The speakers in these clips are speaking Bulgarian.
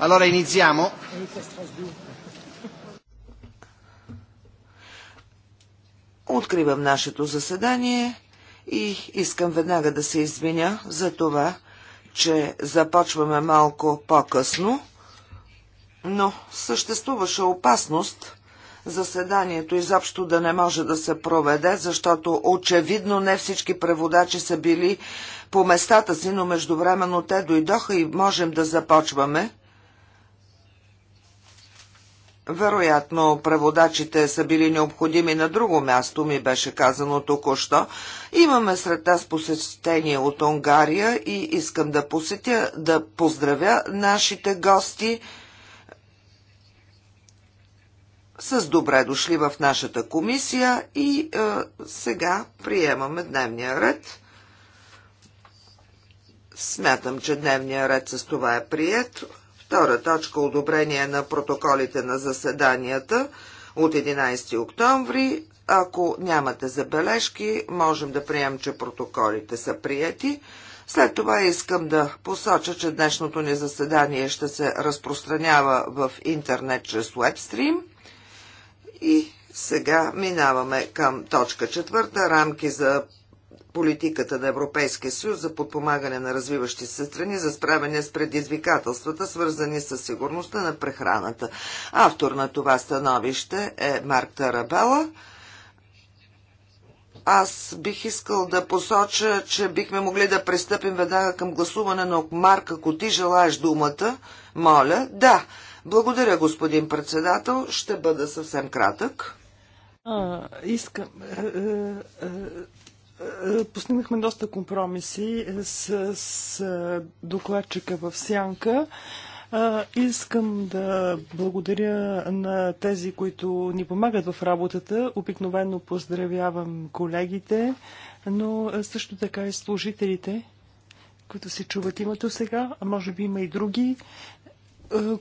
Allora iniziamo. Откривам нашето заседание и искам веднага да се извиня за това, че започваме малко по-късно, но съществуваше опасност заседанието изобщо да не може да се проведе, защото очевидно не всички преводачи са били по местата си, но междувременно те дойдоха и можем да започваме. Вероятно, преводачите са били необходими на друго място, ми беше казано току-що. Имаме сред нас посещение от Унгария и искам да посетя, да поздравя нашите гости с добре дошли в нашата комисия и е, сега приемаме дневния ред. Смятам, че дневния ред с това е прият. Втора точка – одобрение на протоколите на заседанията от 11 октомври. Ако нямате забележки, можем да приемем, че протоколите са прияти. След това искам да посоча, че днешното ни заседание ще се разпространява в интернет чрез вебстрим. И сега минаваме към точка четвърта – рамки за политиката на Европейския съюз за подпомагане на развиващи се страни за справяне с предизвикателствата, свързани с сигурността на прехраната. Автор на това становище е Марк Тарабела. Аз бих искал да посоча, че бихме могли да пристъпим веднага към гласуване, но Марк, ако ти желаеш думата, моля, да. Благодаря, господин председател. Ще бъда съвсем кратък. А, искам. Поснимахме доста компромиси с, с докладчика в Сянка. Искам да благодаря на тези, които ни помагат в работата. Обикновено поздравявам колегите, но също така и служителите, които се чуват името сега, а може би има и други,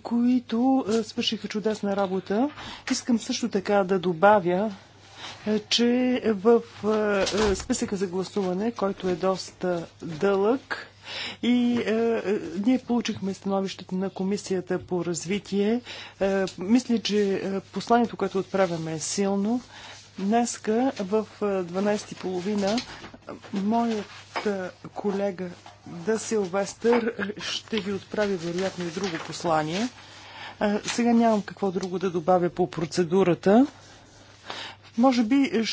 които свършиха чудесна работа. Искам също така да добавя, е, че в е, е, списъка за гласуване, който е доста дълъг, и е, ние получихме становището на Комисията по развитие. Е, мисля, че посланието, което отправяме е силно. Днеска в 12.30 моят колега Дасил Вестър ще ви отправи вероятно и друго послание. Сега нямам какво друго да добавя по процедурата. Може би е,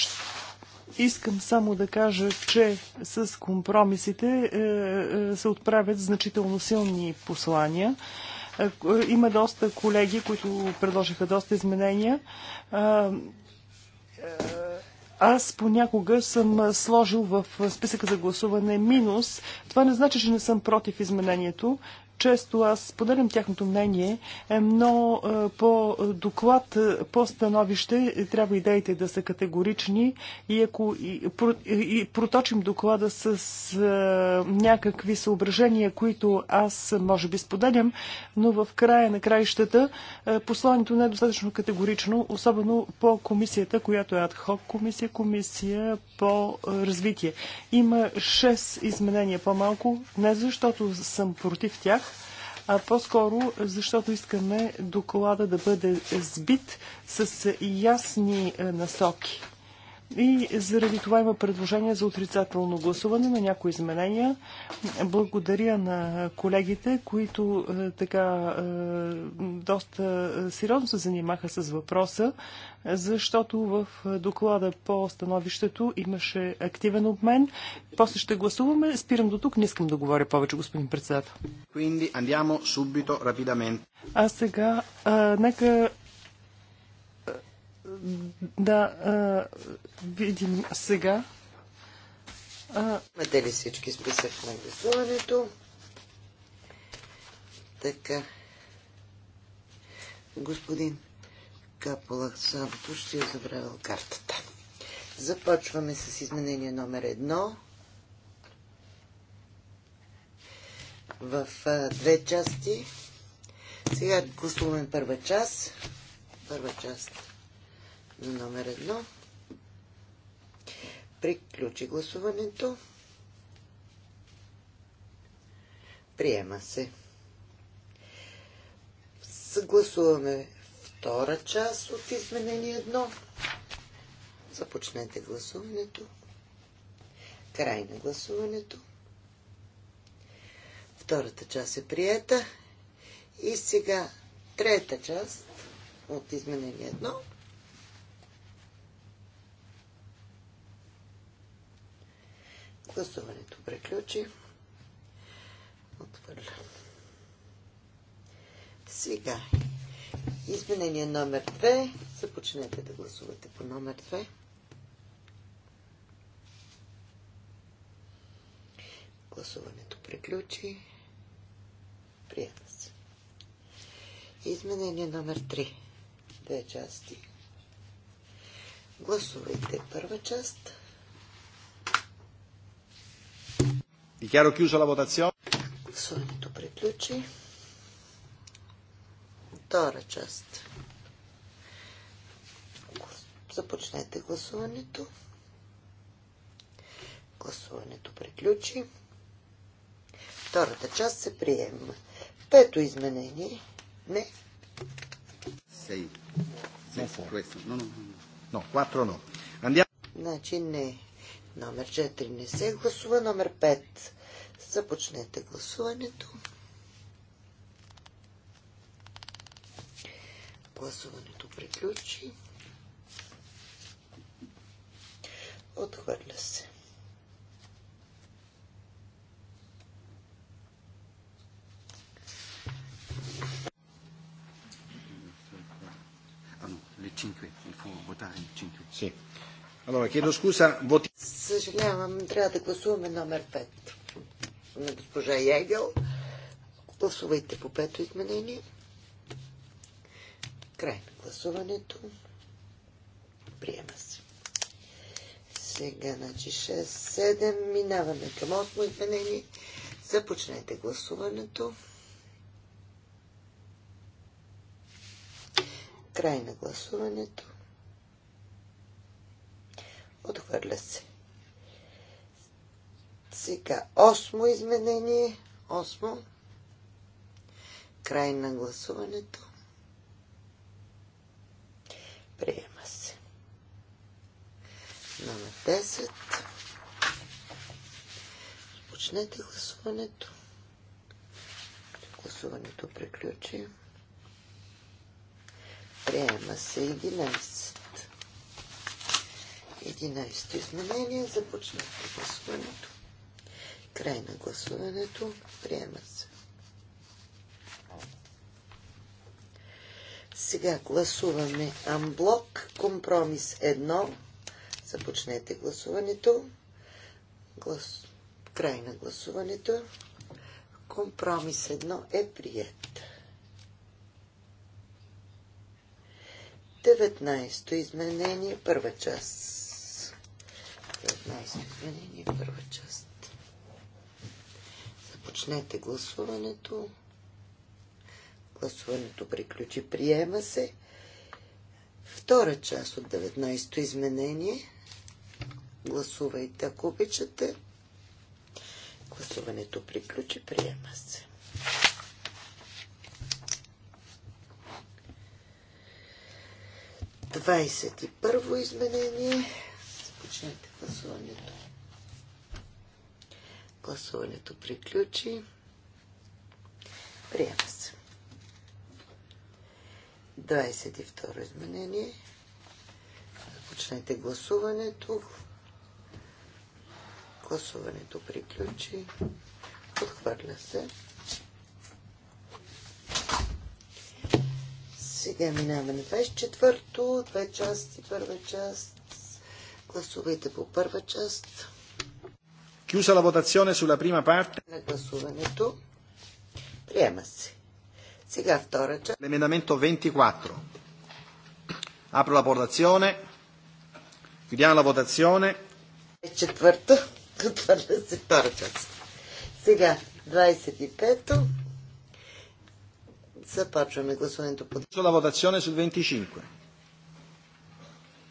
искам само да кажа, че с компромисите е, е, се отправят значително силни послания. Има доста колеги, които предложиха доста изменения. Аз понякога съм сложил в списъка за гласуване минус. Това не значи, че не съм против изменението често аз споделям тяхното мнение, е, но е, по доклад, е, по становище трябва идеите да са категорични и ако и, и проточим доклада с а, някакви съображения, които аз може би споделям, но в края на краищата посланието не е достатъчно категорично, особено по комисията, която е адхок комисия, комисия по развитие. Има 6 изменения по-малко, не защото съм против тях, а по-скоро защото искаме доклада да бъде сбит с ясни е, насоки. И заради това има предложение за отрицателно гласуване на някои изменения. Благодаря на колегите, които е, така е, доста сериозно се занимаха с въпроса, защото в доклада по становището имаше активен обмен. После ще гласуваме. Спирам до тук. Не искам да говоря повече, господин председател. А сега, а, е, нека да видим сега. Имате ли всички списък на гласуването? Така. Господин Капола Сабото ще е забравил картата. Започваме с изменение номер едно. В а, две части. Сега гласуваме първа част. Първа част за номер едно. Приключи гласуването. Приема се. Съгласуваме втора част от изменение едно. Започнете гласуването. Край на гласуването. Втората част е приета. И сега трета част от изменение 1. Гласуването приключи. Отвърля. Сега. Изменение номер 2. Започнете да гласувате по номер 2. Гласуването приключи. Приятно се. Изменение номер 3. Две части. Гласувайте първа част. Dichiaro chiusa la votazione. Гласуването приключи. Втора част. Започнете гласуването. Гласуването приключи. Втората част се приема. Пето изменение. Не. Сей. No, no, no. 4 no. Andiamo. Значи не. Номер 4 не се гласува. Номер 5 Започнете гласуването. Гласуването приключи. Отхвърля се. Ah allora, chiedo scusa, voti... Съжалявам, трябва да гласуваме номер 5 на госпожа Ягел. Гласувайте по пето изменение. Край на гласуването. Приема се. Сега, значи 6-7. Минаваме към 8 изменение. Започнете гласуването. Край на гласуването. Отхвърля се. Сега, осмо изменение. Осмо. Край на гласуването. Приема се. Номер 10. Почнете гласуването. Гласуването приключи. Приема се 11. 11 изменения. Започнете гласуването. Край на гласуването. Приема се. Сега гласуваме Амблок. Компромис 1. Започнете гласуването. Глас... Край на гласуването. Компромис 1 е прият. 19-то изменение, първа част. 19-то изменение, първа част започнете гласуването. Гласуването приключи. Приема се. Втора част от 19-то изменение. Гласувайте, ако обичате. Гласуването приключи. Приема се. Двадесет и първо изменение. Започнете гласуването. Гласуването приключи. Приема се. 22 изменение. Започнете гласуването. Гласуването приключи. Отхвърля се. Сега минаваме на 24-то, две части, първа част. Гласувайте по първа част. Chiusa la votazione sulla prima parte. L'emendamento 24. Apro la votazione. Chiudiamo la votazione. Четвърта. la votazione sul 25.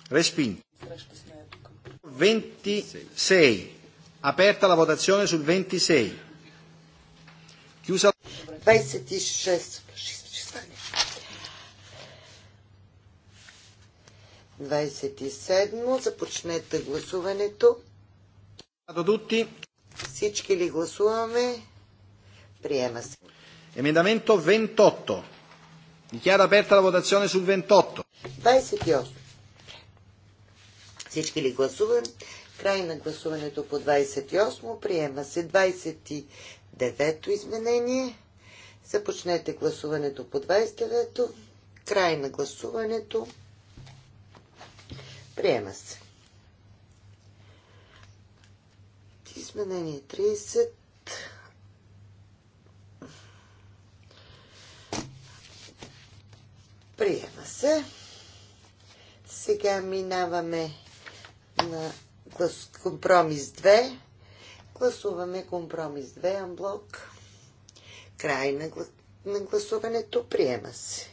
Respinto. 26. Aperta la votazione sul 26. Chiusa. 26. 27. Започнете гласуването. Всички ли гласуваме? Приема се. Emendamento 28. Dichiara aperta la votazione sul 28. 28. Всички ли гласуват? Край на гласуването по 28. Приема се 29-то изменение. Започнете гласуването по 29-то. Край на гласуването. Приема се. Изменение 30. Приема се. Сега минаваме на Глас, компромис 2. Гласуваме компромис 2, амблок. Край на, гла... на гласуването. Приема се.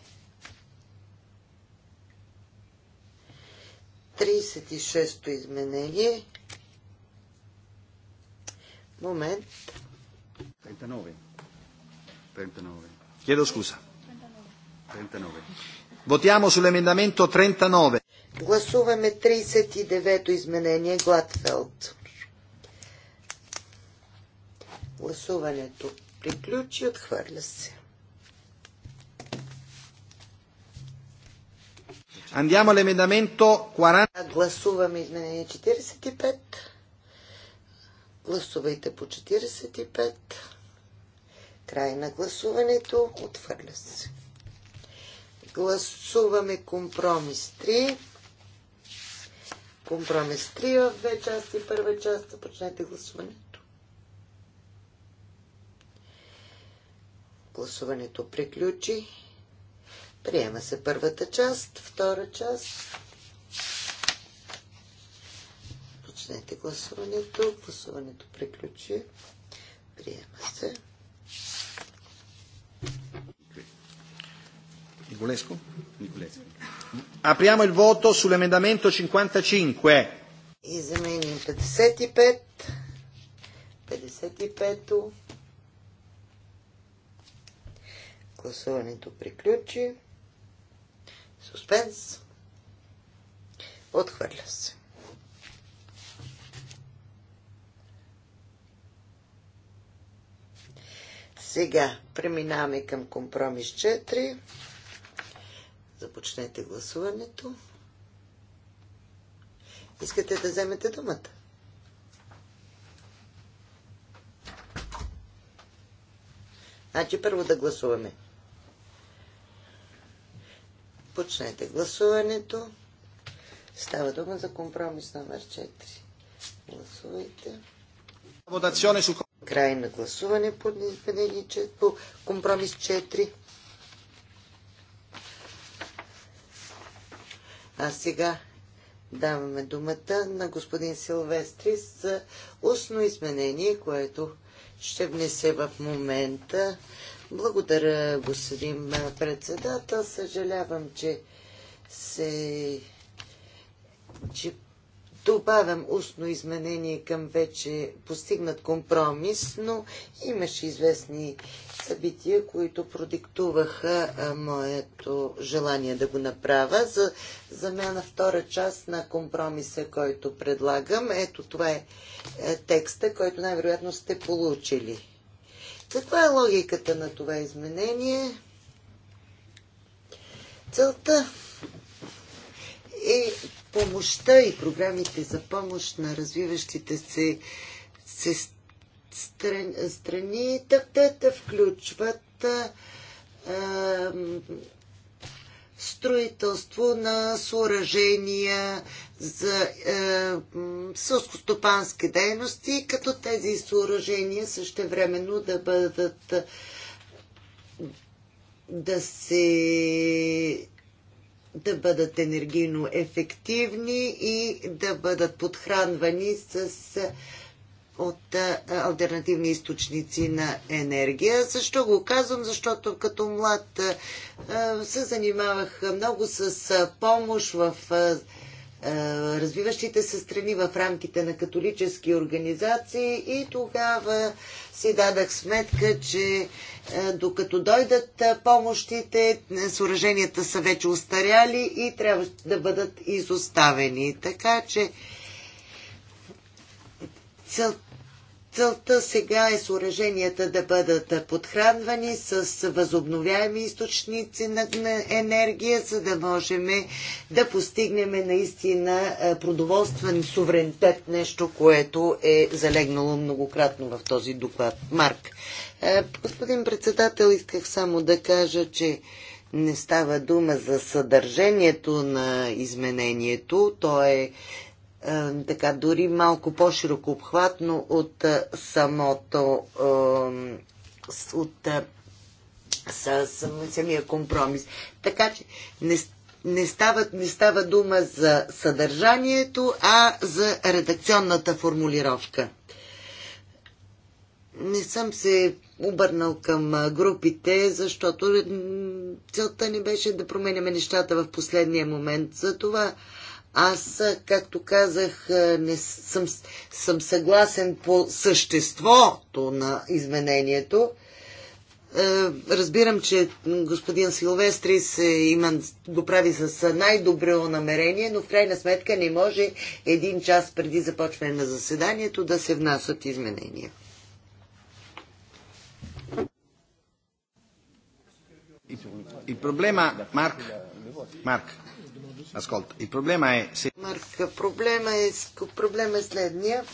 36-то изменение. Момент. 39. 39. Chiedo scusa. 39. Votiamo sull'emendamento 39. Гласуваме 39-то изменение Гладфелд. Гласуването приключи, отхвърля се. Andiamo all'emendamento 40. Гласуваме изменение 45. Гласувайте по 45. Край на гласуването. Отвърля се. Гласуваме компромис 3. Компромис 3 в две части. Първа част. Започнете гласуването. Гласуването приключи. Приема се първата част. Втора част. Почнете гласуването. Гласуването приключи. Приема се. Николеско? Николеско. Apriamo il voto sull'emendamento 55. Изменим 55. 55 Гласуването приключи. Суспенс. Отхвърля се. Сега преминаваме към компромис 4. Започнете гласуването. Искате да вземете думата? Значи първо да гласуваме. Почнете гласуването. Става дума за компромис номер 4. Гласувайте. Край на гласуване по, по компромис 4. А сега даваме думата на господин Силвестрис за устно изменение, което ще внесе в момента. Благодаря, господин председател. Съжалявам, че се че добавям устно изменение към вече постигнат компромис, но имаше известни събития, които продиктуваха моето желание да го направя. За, за мен на втора част на компромиса, който предлагам, ето това е, е текста, който най-вероятно сте получили. Каква е логиката на това изменение? Целта е помощта и програмите за помощ на развиващите се, се стран, страни, да, да, да включват а, а, строителство на съоръжения за сълскостопански дейности, като тези съоръжения същевременно да бъдат да се да бъдат енергийно ефективни и да бъдат подхранвани с, от альтернативни източници на енергия. Защо го казвам? Защото като млад се занимавах много с помощ в е, развиващите се страни в рамките на католически организации и тогава си дадах сметка, че е, докато дойдат е, помощите, съоръженията са вече устаряли и трябва да бъдат изоставени. Така че целта Целта сега е съоръженията да бъдат подхранвани с възобновяеми източници на енергия, за да можем да постигнем наистина е, продоволствен суверенитет, нещо, което е залегнало многократно в този доклад. Марк. Е, господин председател, исках само да кажа, че не става дума за съдържанието на изменението. То е е, така дори малко по-широко обхватно от е, самото е, от самия компромис. Така че не, не, става, не става дума за съдържанието, а за редакционната формулировка. Не съм се обърнал към групите, защото целта ни беше да променяме нещата в последния момент. Затова това аз, както казах, е, не съм, съм съгласен по съществото на изменението. Е, разбирам, че господин Силвестрис има, го прави с най-добро намерение, но в крайна сметка не може един час преди започване на заседанието да се внасят изменения. И проблема Марк, Марк. Ascolta, il problema è se... Марка, проблема е, проблема е следния.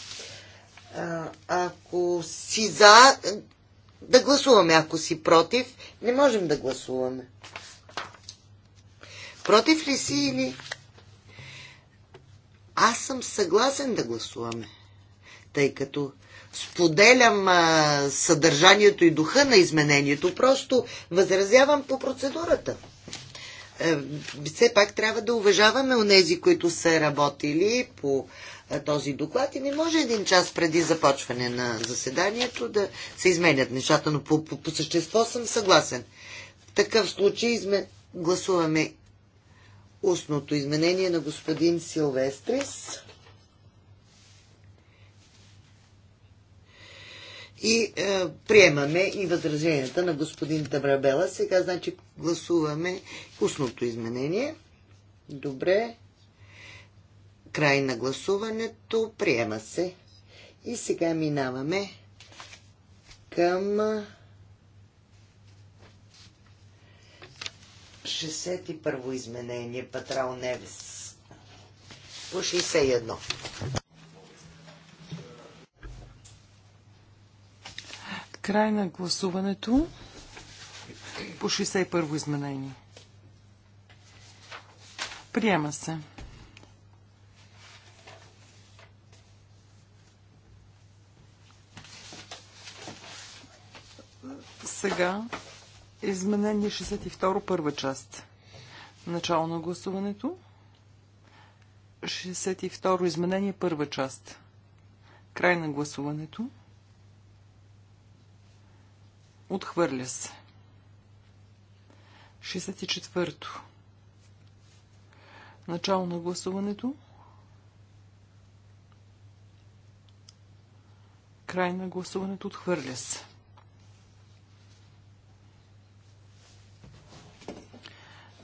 А, ако си за, да гласуваме. Ако си против, не можем да гласуваме. Против ли си или... Аз съм съгласен да гласуваме, тъй като споделям а, съдържанието и духа на изменението, просто възразявам по процедурата. Е, все пак трябва да уважаваме онези, които са работили по е, този доклад и не може един час преди започване на заседанието да се изменят нещата, но по, по, по същество съм съгласен. В такъв случай изме... гласуваме устното изменение на господин Силвестрис. И е, приемаме и възраженията на господин Табрабела. Сега, значи, гласуваме устното изменение. Добре. Край на гласуването. Приема се. И сега минаваме към 61 изменение Патрал Невес по 61. Край на гласуването по 61-во изменение. Приема се. Сега изменение 62 първа част. Начало на гласуването. 62 изменение първа част. Край на гласуването. Отхвърля се. 64-то. Начало на гласуването. Край на гласуването. Отхвърля се.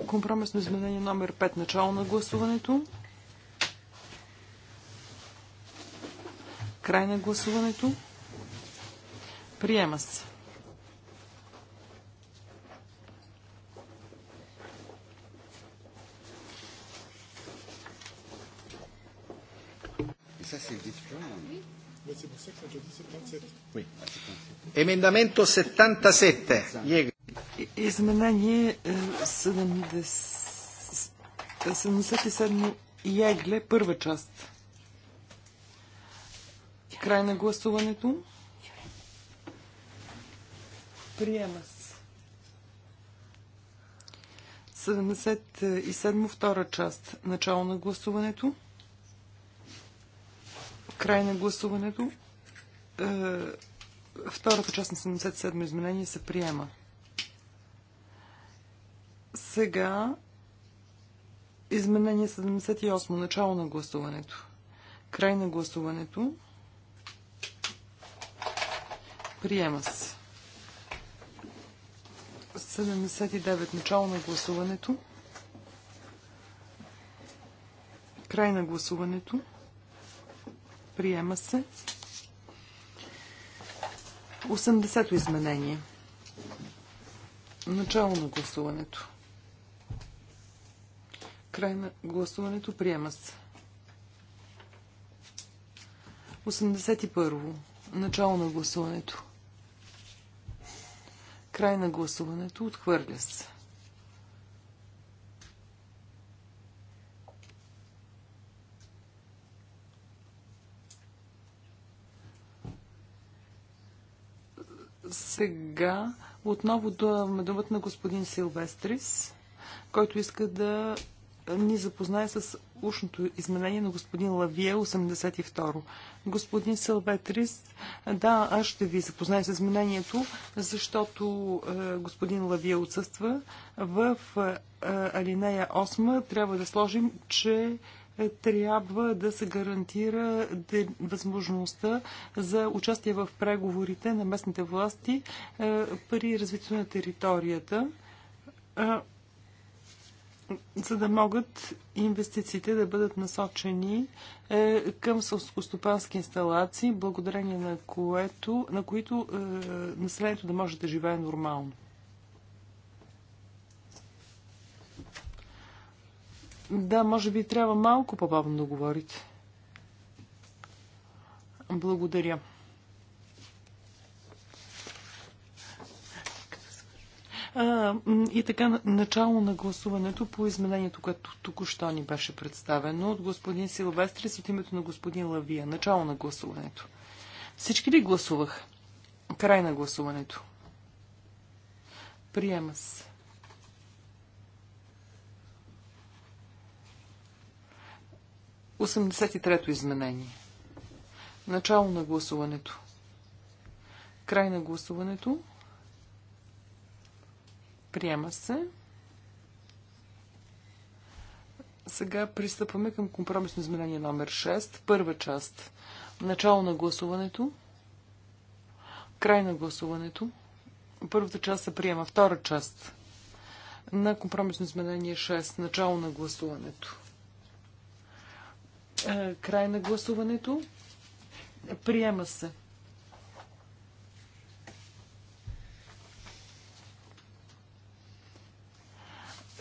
Компромисно изменение номер 5. Начало на гласуването. Край на гласуването. Приема се. Емендаменто 77. Изменение 77 е, Ягле, първа част. Край на гласуването. Приема се. 77 втора част. Начало на гласуването. Край на гласуването. Е, втората част на 77 изменение се приема. Сега изменение 78. Начало на гласуването. Край на гласуването. Приема се. 79. Начало на гласуването. Край на гласуването. Приема се. 80-то изменение. Начало на гласуването. Край на гласуването. Приема се. 81-во. Начало на гласуването. Край на гласуването. Отхвърля се. Сега отново даваме думата на господин Силвестрис, който иска да ни запознае с ушното изменение на господин Лавие 82. Господин Силветрис, да, аз ще ви запозная с изменението, защото е, господин Лавие отсъства. В е, алинея 8 трябва да сложим, че е, трябва да се гарантира възможността за участие в преговорите на местните власти е, при развитието на територията, е, за да могат инвестициите да бъдат насочени към сълскостопански инсталации, благодарение на, което, на които населението да може да живее нормално. Да, може би трябва малко по-бавно да говорите. Благодаря. А, и така, начало на гласуването по изменението, което току-що ни беше представено от господин Силвестрис от името на господин Лавия. Начало на гласуването. Всички ли гласувах? Край на гласуването. Приема се. 83-то изменение. Начало на гласуването. Край на гласуването. Приема се. Сега пристъпваме към компромисно изменение номер 6, първа част. Начало на гласуването. Край на гласуването. Първата част се приема. Втора част на компромисно изменение 6. Начало на гласуването. Е, край на гласуването. Приема се.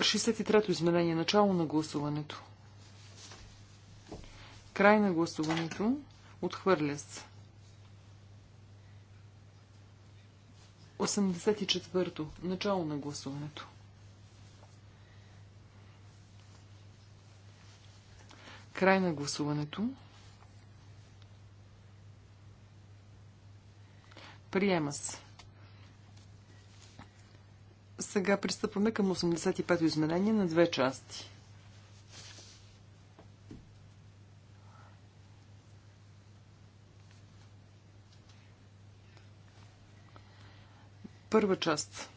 Шестдесет и трето изменение. Начало на гласуването. Край на гласуването. Отхвърля се. 84-то. Начало на гласуването. Край на гласуването. Приема се. Сега пристъпваме към 85-то изменение на две части. Първа част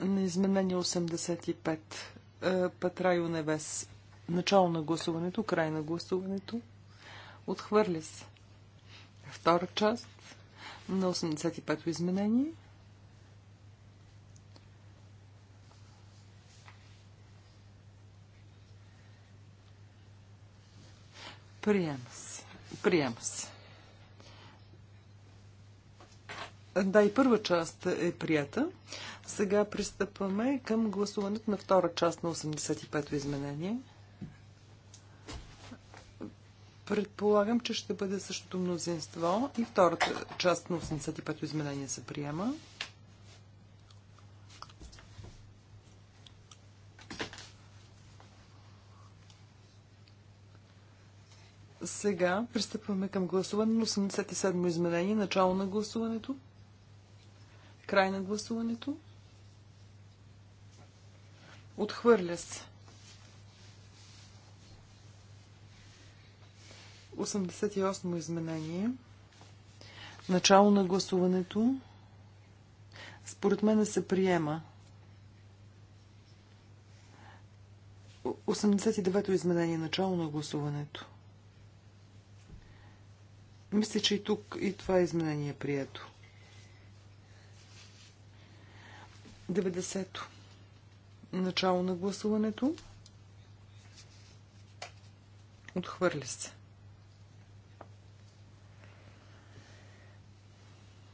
на изменение 85. Патрайо Невес Начало на гласуването, край на гласуването. Отхвърля се. Втора част на 85-то изменение. Приема се. Приема се. Да, и първа част е прията. Сега пристъпваме към гласуването на втора част на 85-то изменение. Предполагам, че ще бъде същото мнозинство и втората част на 85-то изменение се приема. Сега пристъпваме към гласуване на 87-мо изменение, начало на гласуването, край на гласуването. Отхвърля се. 88 изменение. Начало на гласуването. Според мен се приема. 89-то изменение. Начало на гласуването. Мисля, че и тук и това изменение е прието. 90-то. Начало на гласуването. Отхвърля се.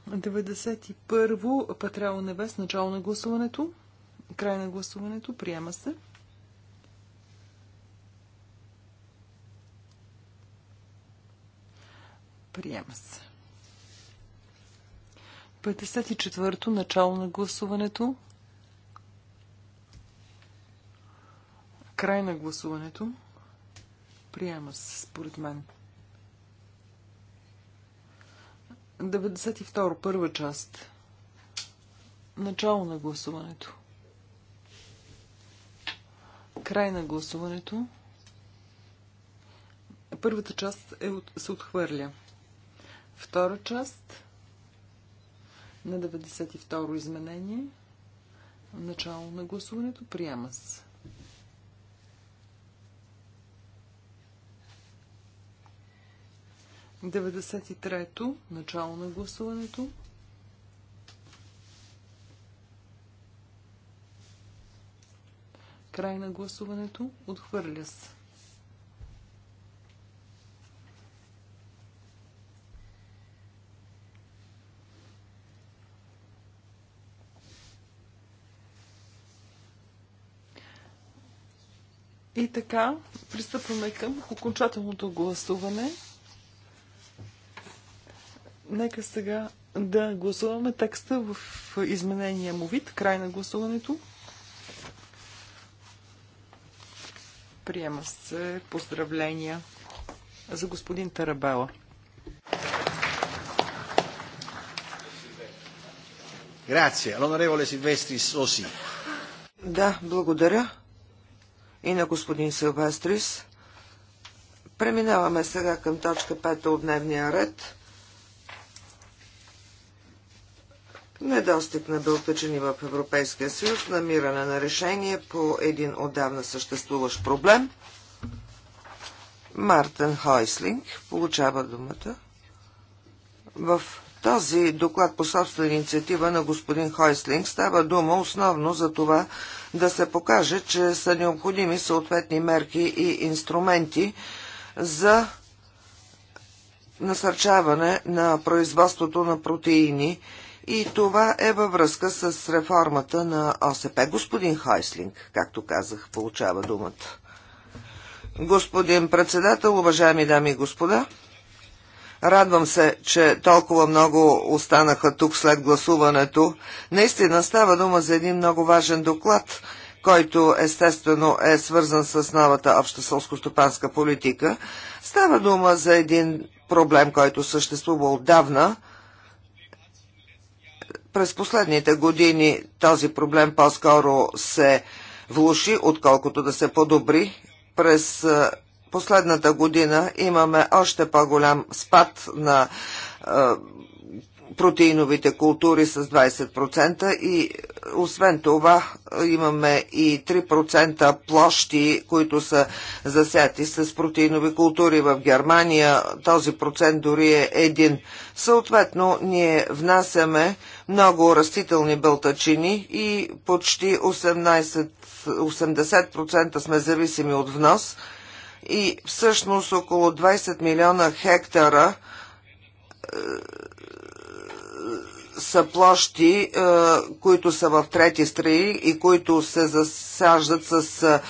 91-во Патрало небес, начало на гласуването. Край на гласуването. Приема се. Приема се. 54-то начало на гласуването. Край на гласуването. Приема се, според мен. 92. Първа част. Начало на гласуването. Край на гласуването. Първата част е, се отхвърля. Втора част на 92 изменение. Начало на гласуването. Приема се. 93-то, начало на гласуването. Край на гласуването. Отхвърля се. И така, пристъпваме към окончателното гласуване. Нека сега да гласуваме текста в изменения му вид. Край на гласуването. Приема се поздравления за господин Тарабела. Грация. Лонореволе Силвестрис Оси. Да, благодаря. И на господин Силвестрис. Преминаваме сега към точка 5 от дневния ред. недостиг на белтъчени в Европейския съюз, намиране на решение по един отдавна съществуващ проблем. Мартен Хойслинг получава думата. В този доклад по собствена инициатива на господин Хойслинг става дума основно за това да се покаже, че са необходими съответни мерки и инструменти за насърчаване на производството на протеини и това е във връзка с реформата на ОСП. Господин Хайслинг, както казах, получава думата. Господин председател, уважаеми дами и господа, Радвам се, че толкова много останаха тук след гласуването. Наистина става дума за един много важен доклад, който естествено е свързан с новата обща сълскостопанска политика. Става дума за един проблем, който съществува отдавна – през последните години този проблем по-скоро се влуши, отколкото да се подобри. През последната година имаме още по-голям спад на протеиновите култури с 20% и освен това имаме и 3% площи, които са засяти с протеинови култури в Германия. Този процент дори е един. Съответно, ние внасяме много растителни бълтачини и почти 18, 80% сме зависими от внос и всъщност около 20 милиона хектара е, са площи, е, които са в трети страни и които се засаждат с е,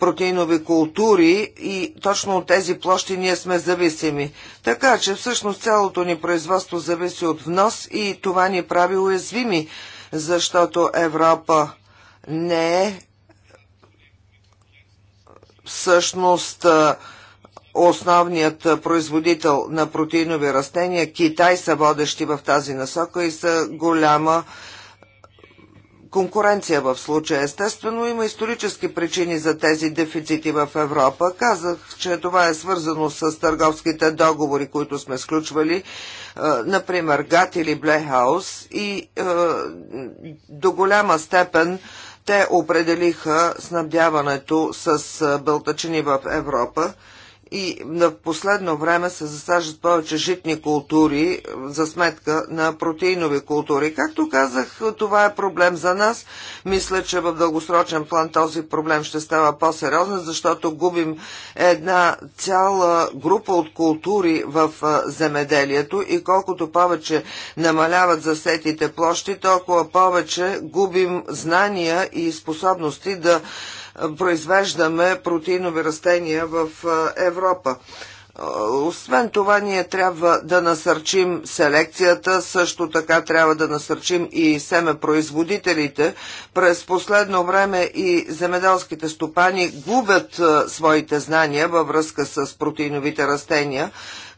протеинови култури и точно от тези площи ние сме зависими. Така че всъщност цялото ни производство зависи от внос и това ни прави уязвими, защото Европа не е всъщност основният производител на протеинови растения. Китай са водещи в тази насока и са голяма конкуренция в случая. Естествено, има исторически причини за тези дефицити в Европа. Казах, че това е свързано с търговските договори, които сме сключвали, е, например ГАТ или Блехаус и е, до голяма степен те определиха снабдяването с е, бълтачини в Европа и в последно време се засажат повече житни култури е, за сметка на протеинови култури. Както казах, това е проблем за нас. Мисля, че в дългосрочен план този проблем ще става по-сериозен, защото губим една цяла група от култури в е, земеделието и колкото повече намаляват засетите площи, толкова повече губим знания и способности да произвеждаме протеинови растения в Европа. Освен това, ние трябва да насърчим селекцията, също така трябва да насърчим и семепроизводителите. През последно време и земеделските стопани губят своите знания във връзка с протеиновите растения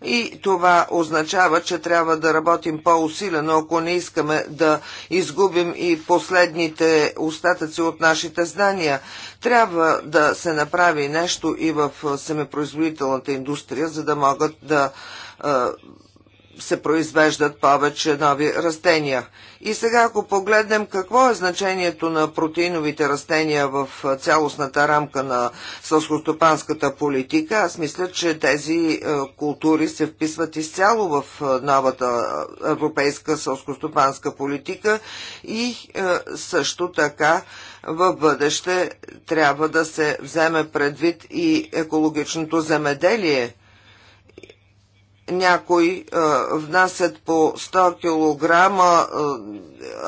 и това означава, че трябва да работим по-усилено, ако не искаме да изгубим и последните остатъци от нашите знания. Трябва да се направи нещо и в семепроизводителната индустрия, за да могат да се произвеждат повече нови растения. И сега, ако погледнем какво е значението на протеиновите растения в цялостната рамка на сълскостопанската политика, аз мисля, че тези е, култури се вписват изцяло в е, новата е, европейска сълскостопанска политика и също така в бъдеще трябва да се вземе предвид и екологичното земеделие някои е, внасят по 100 кг е,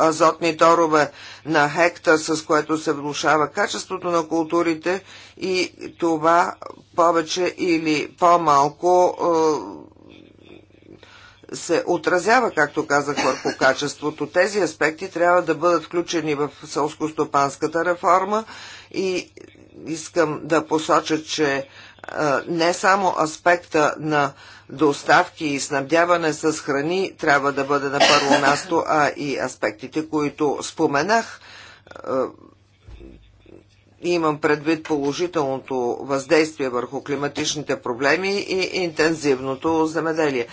азотни торове на хекта, с което се влушава качеството на културите и това повече или по-малко е, се отразява, както казах, върху качеството. Тези аспекти трябва да бъдат включени в селско-стопанската реформа и искам да посоча, че не само аспекта на доставки и снабдяване с храни трябва да бъде на първо място, а и аспектите, които споменах. Е, имам предвид положителното въздействие върху климатичните проблеми и интензивното земеделие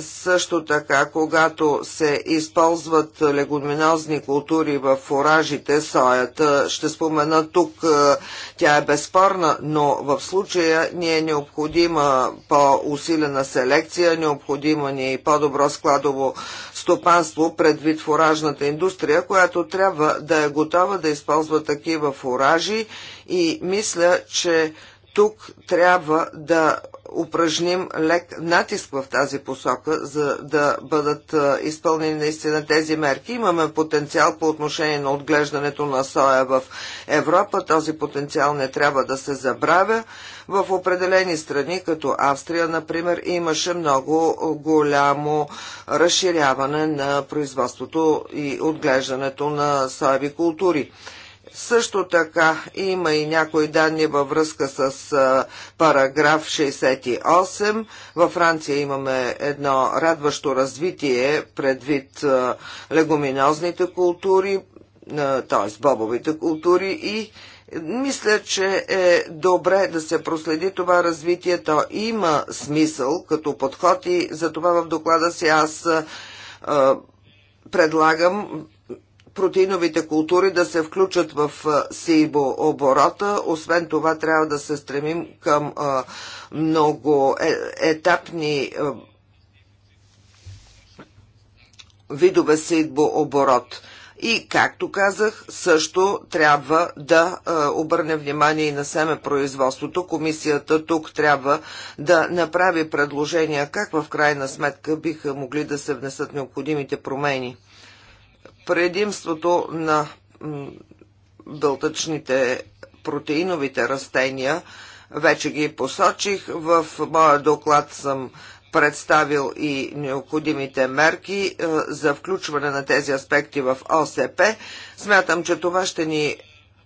също така, когато се използват легуминозни култури в оражите, соята, ще спомена тук, е, тя е безспорна, но в случая ни е необходима по-усилена селекция, необходима ни е и по-добро складово стопанство предвид фуражната индустрия, която трябва да е готова да използва такива фуражи и мисля, че тук трябва да упражним лек натиск в тази посока, за да бъдат изпълнени наистина тези мерки. Имаме потенциал по отношение на отглеждането на соя в Европа. Този потенциал не трябва да се забравя. В определени страни, като Австрия, например, имаше много голямо разширяване на производството и отглеждането на соеви култури. Също така има и някои данни във връзка с а, параграф 68. Във Франция имаме едно радващо развитие предвид а, легуминозните култури, т.е. бобовите култури и мисля, че е добре да се проследи това развитие. То има смисъл като подход и за това в доклада си аз а, предлагам протеиновите култури да се включат в сейбо оборота. Освен това трябва да се стремим към много е, етапни видове сейбо оборот. И, както казах, също трябва да обърне внимание и на производството. Комисията тук трябва да направи предложения как в крайна сметка биха могли да се внесат необходимите промени. Предимството на белтъчните протеиновите растения вече ги посочих. В моя доклад съм представил и необходимите мерки е, за включване на тези аспекти в ОСП. Смятам, че това ще ни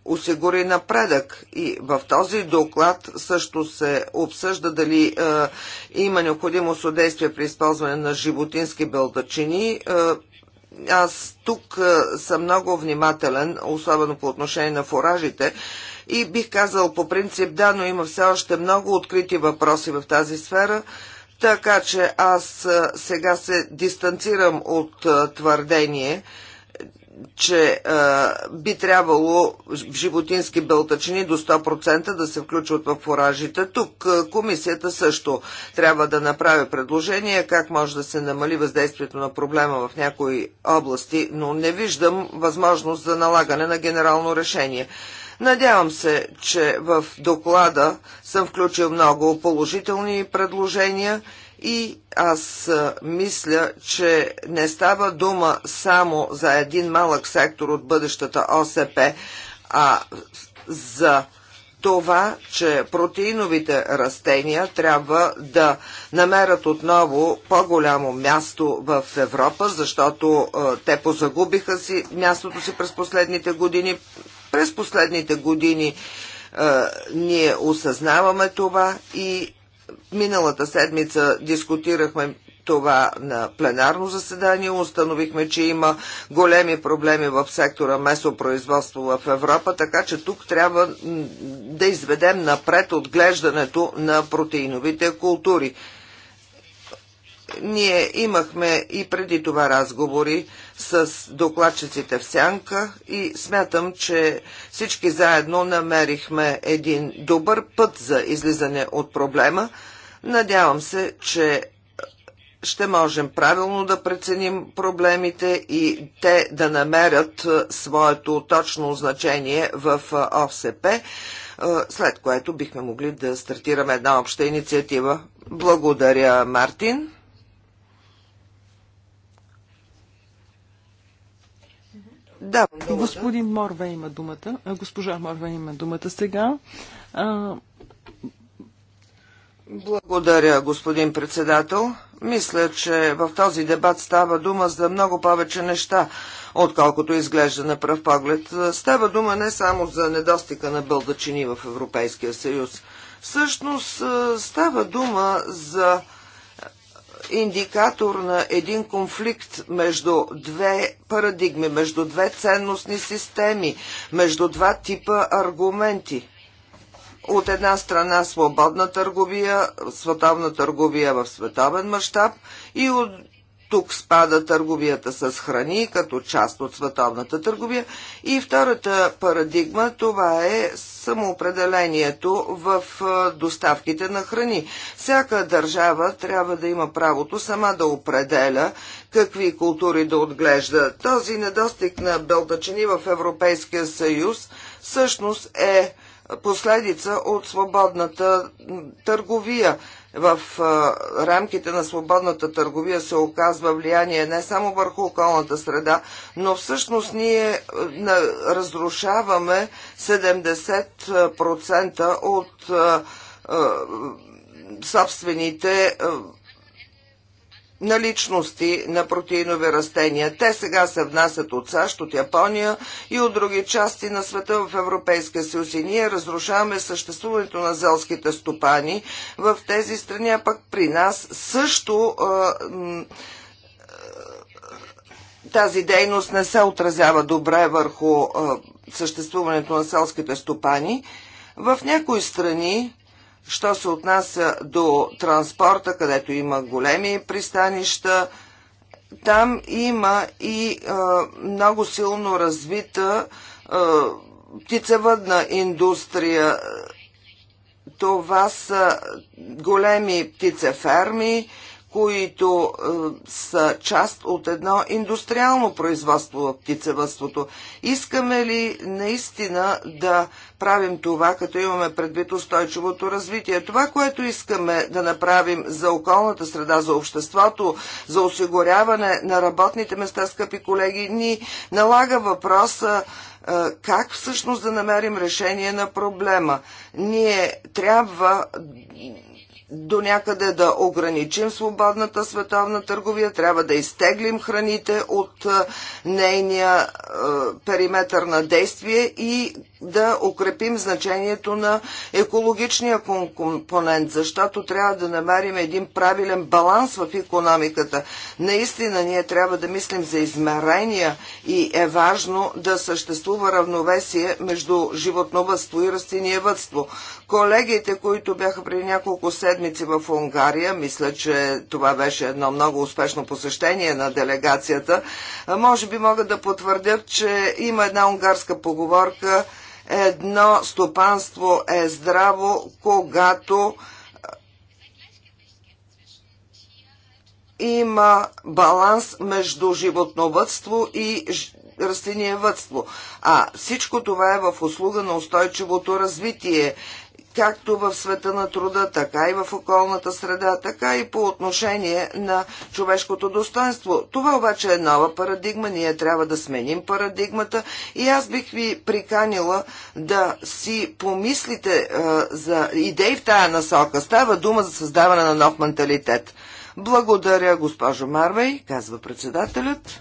осигури напредък и в този доклад също се обсъжда дали е, има необходимо съдействие при използване на животински белдачини. Е, аз тук съм много внимателен, особено по отношение на фуражите. И бих казал по принцип да, но има все още много открити въпроси в тази сфера. Така че аз сега се дистанцирам от твърдение, че а, е, би трябвало животински белтъчини до 100% да се включват в фуражите. Тук а, е, комисията също трябва да направи предложение как може да се намали въздействието на проблема в някои области, но не виждам възможност за налагане на генерално решение. Надявам се, че в доклада съм включил много положителни предложения – и аз мисля, че не става дума само за един малък сектор от бъдещата ОСП, а за това, че протеиновите растения трябва да намерят отново по-голямо място в Европа, защото те позагубиха си мястото си през последните години. През последните години ние осъзнаваме това и Миналата седмица дискутирахме това на пленарно заседание. Установихме, че има големи проблеми в сектора месопроизводство в Европа, така че тук трябва да изведем напред отглеждането на протеиновите култури. Ние имахме и преди това разговори с докладчиците в сянка и смятам, че всички заедно намерихме един добър път за излизане от проблема. Надявам се, че ще можем правилно да преценим проблемите и те да намерят своето точно значение в ОСП, след което бихме могли да стартираме една обща инициатива. Благодаря, Мартин. Да, господин Морве има думата. Госпожа Морве има думата сега. Благодаря, господин председател. Мисля, че в този дебат става дума за много повече неща, отколкото изглежда на пръв поглед. Става дума не само за недостига на бълдачини в Европейския съюз. Всъщност става дума за индикатор на един конфликт между две парадигми, между две ценностни системи, между два типа аргументи. От една страна свободна търговия, световна търговия в световен мащаб и от тук спада търговията с храни като част от световната търговия. И втората парадигма това е самоопределението в доставките на храни. Всяка държава трябва да има правото сама да определя какви култури да отглежда. Този недостиг на белтачини в Европейския съюз всъщност е последица от свободната търговия в рамките на свободната търговия се оказва влияние не само върху околната среда, но всъщност ние разрушаваме 70% от собствените наличности на протеинови растения. Те сега се внасят от САЩ, от Япония и от други части на света в Европейския съюз. И ние разрушаваме съществуването на зелските стопани в тези страни, а пък при нас също тази дейност не се отразява добре върху съществуването на селските стопани. В някои страни Що се отнася до транспорта, където има големи пристанища, там има и е, много силно развита е, птицевъдна индустрия. Това са големи птицеферми, които е, са част от едно индустриално производство в птицевъдството. Искаме ли наистина да е, правим това, като имаме предвид устойчивото развитие. Това, което искаме да направим за околната среда, за обществото, за осигуряване на работните места, скъпи колеги, ни налага въпроса е, как всъщност да намерим решение на проблема. Ние трябва до някъде да ограничим свободната световна търговия, трябва да изтеглим храните от е, нейния е, периметър на действие и да укрепим значението на екологичния компонент, защото трябва да намерим един правилен баланс в економиката. Наистина ние трябва да мислим за измерения и е важно да съществува равновесие между животновътство и растениевътство. Колегите, които бяха преди няколко седмици в Унгария, мисля, че това беше едно много успешно посещение на делегацията, може би могат да потвърдят, че има една унгарска поговорка Едно стопанство е здраво, когато има баланс между животновътство и растениевътство. А всичко това е в услуга на устойчивото развитие както в света на труда, така и в околната среда, така и по отношение на човешкото достоинство. Това обаче е нова парадигма, ние трябва да сменим парадигмата и аз бих ви приканила да си помислите а, е, за идеи в тая насока. Става дума за създаване на нов менталитет. Благодаря, госпожо Марвей, казва председателят.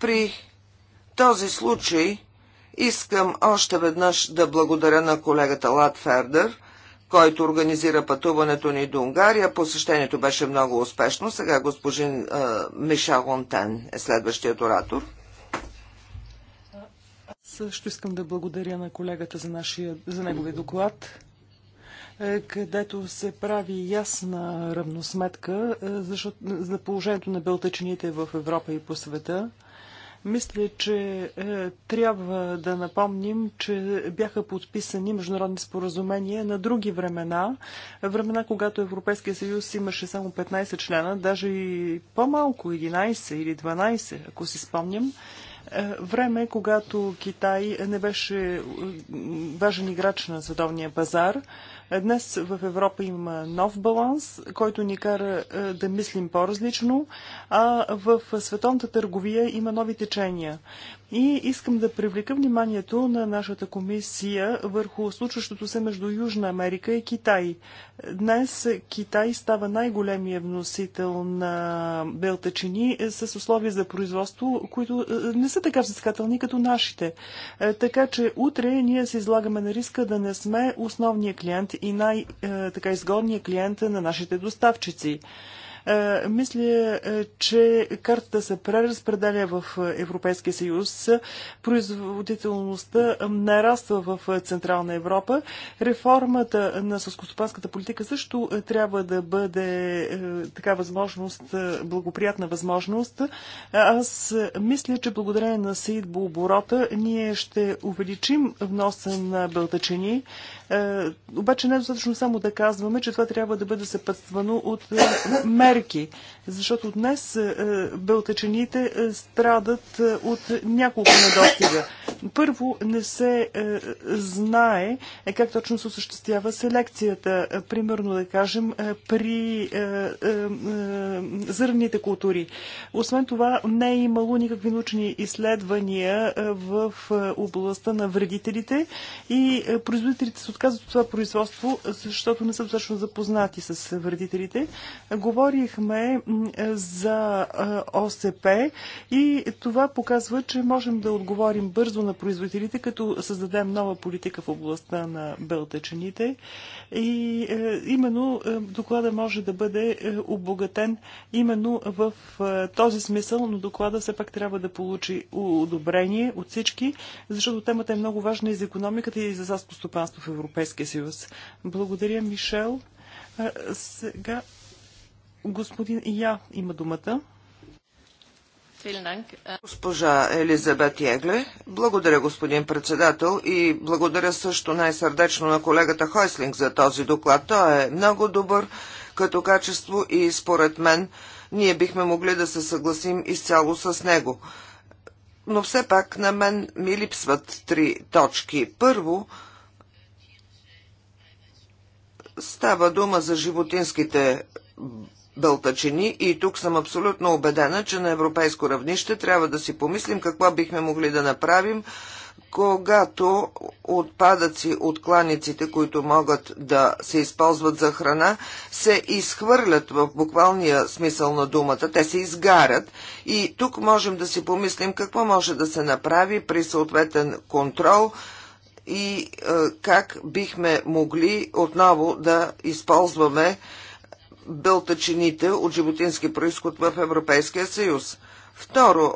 При този случай Искам още веднъж да благодаря на колегата Лад Фердер, който организира пътуването ни до Унгария. Посещението беше много успешно. Сега госпожин е, Миша Лонтен е следващият оратор. Също искам да благодаря на колегата за, нашия, за неговия доклад е, където се прави ясна равносметка е, защото, за положението на белтъчините в Европа и по света. Мисля, че е, трябва да напомним, че бяха подписани международни споразумения на други времена. Времена, когато Европейския съюз имаше само 15 члена, даже и по-малко 11 или 12, ако си спомням. Е, време, когато Китай не беше е, важен играч на световния пазар. Днес в Европа има нов баланс, който ни кара е, да мислим по-различно, а в световната търговия има нови течения. И искам да привлека вниманието на нашата комисия върху случващото се между Южна Америка и Китай. Днес Китай става най-големия вносител на белтачини е, с условия за производство, които е, не са така взискателни като нашите. Е, така че утре ние се излагаме на риска да не сме основния клиент и най-така изгодния клиент на нашите доставчици. Е, мисля, е, че картата се преразпределя в Европейския съюз. Производителността нараства в Централна Европа. Реформата на съскостопанската политика също трябва да бъде е, така възможност, благоприятна възможност. Аз мисля, че благодарение на Сейдбо оборота, ние ще увеличим вноса на бълтачени. Е, обаче не е достатъчно само да казваме, че това трябва да бъде съпътствано от е, мерки. Защото днес е, е, бълтачените е, страдат от няколко недостига. Първо, не се знае как точно се осъществява селекцията. Примерно, да кажем, при зърните култури. Освен това, не е имало никакви научни изследвания в областта на вредителите и производителите се отказват от това производство, защото не са достатъчно запознати с вредителите. Говорихме за ОСП и това показва, че можем да отговорим бързо на производителите, като създадем нова политика в областта на белтъчените. И е, именно е, доклада може да бъде е, обогатен именно в този смисъл, но доклада все пак трябва да получи одобрение от всички, защото темата е много важна и за економиката и за селско в Европейския съюз. Благодаря, Мишел. Сега Господин Я има думата. Госпожа Елизабет Егле, благодаря господин председател и благодаря също най-сърдечно на колегата Хойслинг за този доклад. Той е много добър като качество и според мен ние бихме могли да се съгласим изцяло с него. Но все пак на мен ми липсват три точки. Първо, става дума за животинските бълтачини и тук съм абсолютно убедена, че на европейско равнище трябва да си помислим какво бихме могли да направим, когато отпадъци от кланиците, които могат да се използват за храна, се изхвърлят в буквалния смисъл на думата, те се изгарят и тук можем да си помислим какво може да се направи при съответен контрол и е, как бихме могли отново да използваме белтъчините от животински происход в Европейския съюз. Второ,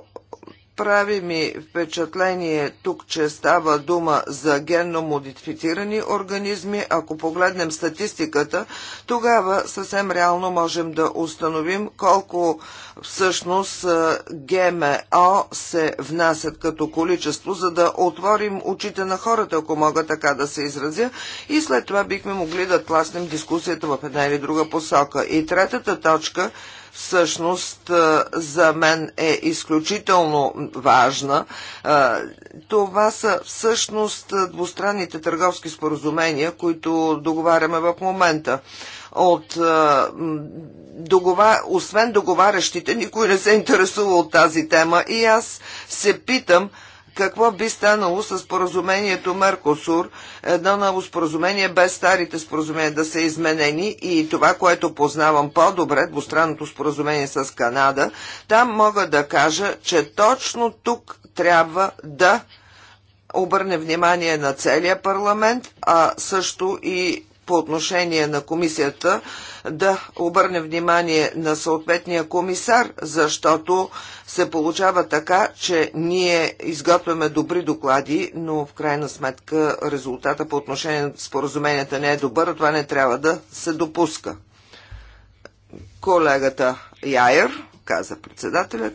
прави ми впечатление тук, че става дума за генно модифицирани организми. Ако погледнем статистиката, тогава съвсем реално можем да установим колко всъщност ГМО се внасят като количество, за да отворим очите на хората, ако мога така да се изразя. И след това бихме могли да тласнем дискусията в една или друга посока. И третата точка – всъщност за мен е изключително важна. Това са всъщност двустранните търговски споразумения, които договаряме в момента от а, догова... освен договарящите, никой не се интересува от тази тема и аз се питам какво би станало с споразумението Меркосур, едно ново споразумение без старите споразумения да са изменени и това, което познавам по-добре, двустранното споразумение с Канада, там мога да кажа, че точно тук трябва да обърне внимание на целия парламент, а също и по отношение на комисията да обърне внимание на съответния комисар, защото се получава така, че ние изготвяме добри доклади, но в крайна сметка резултата по отношение на споразуменията не е добър, а това не трябва да се допуска. Колегата Яер, каза председателят,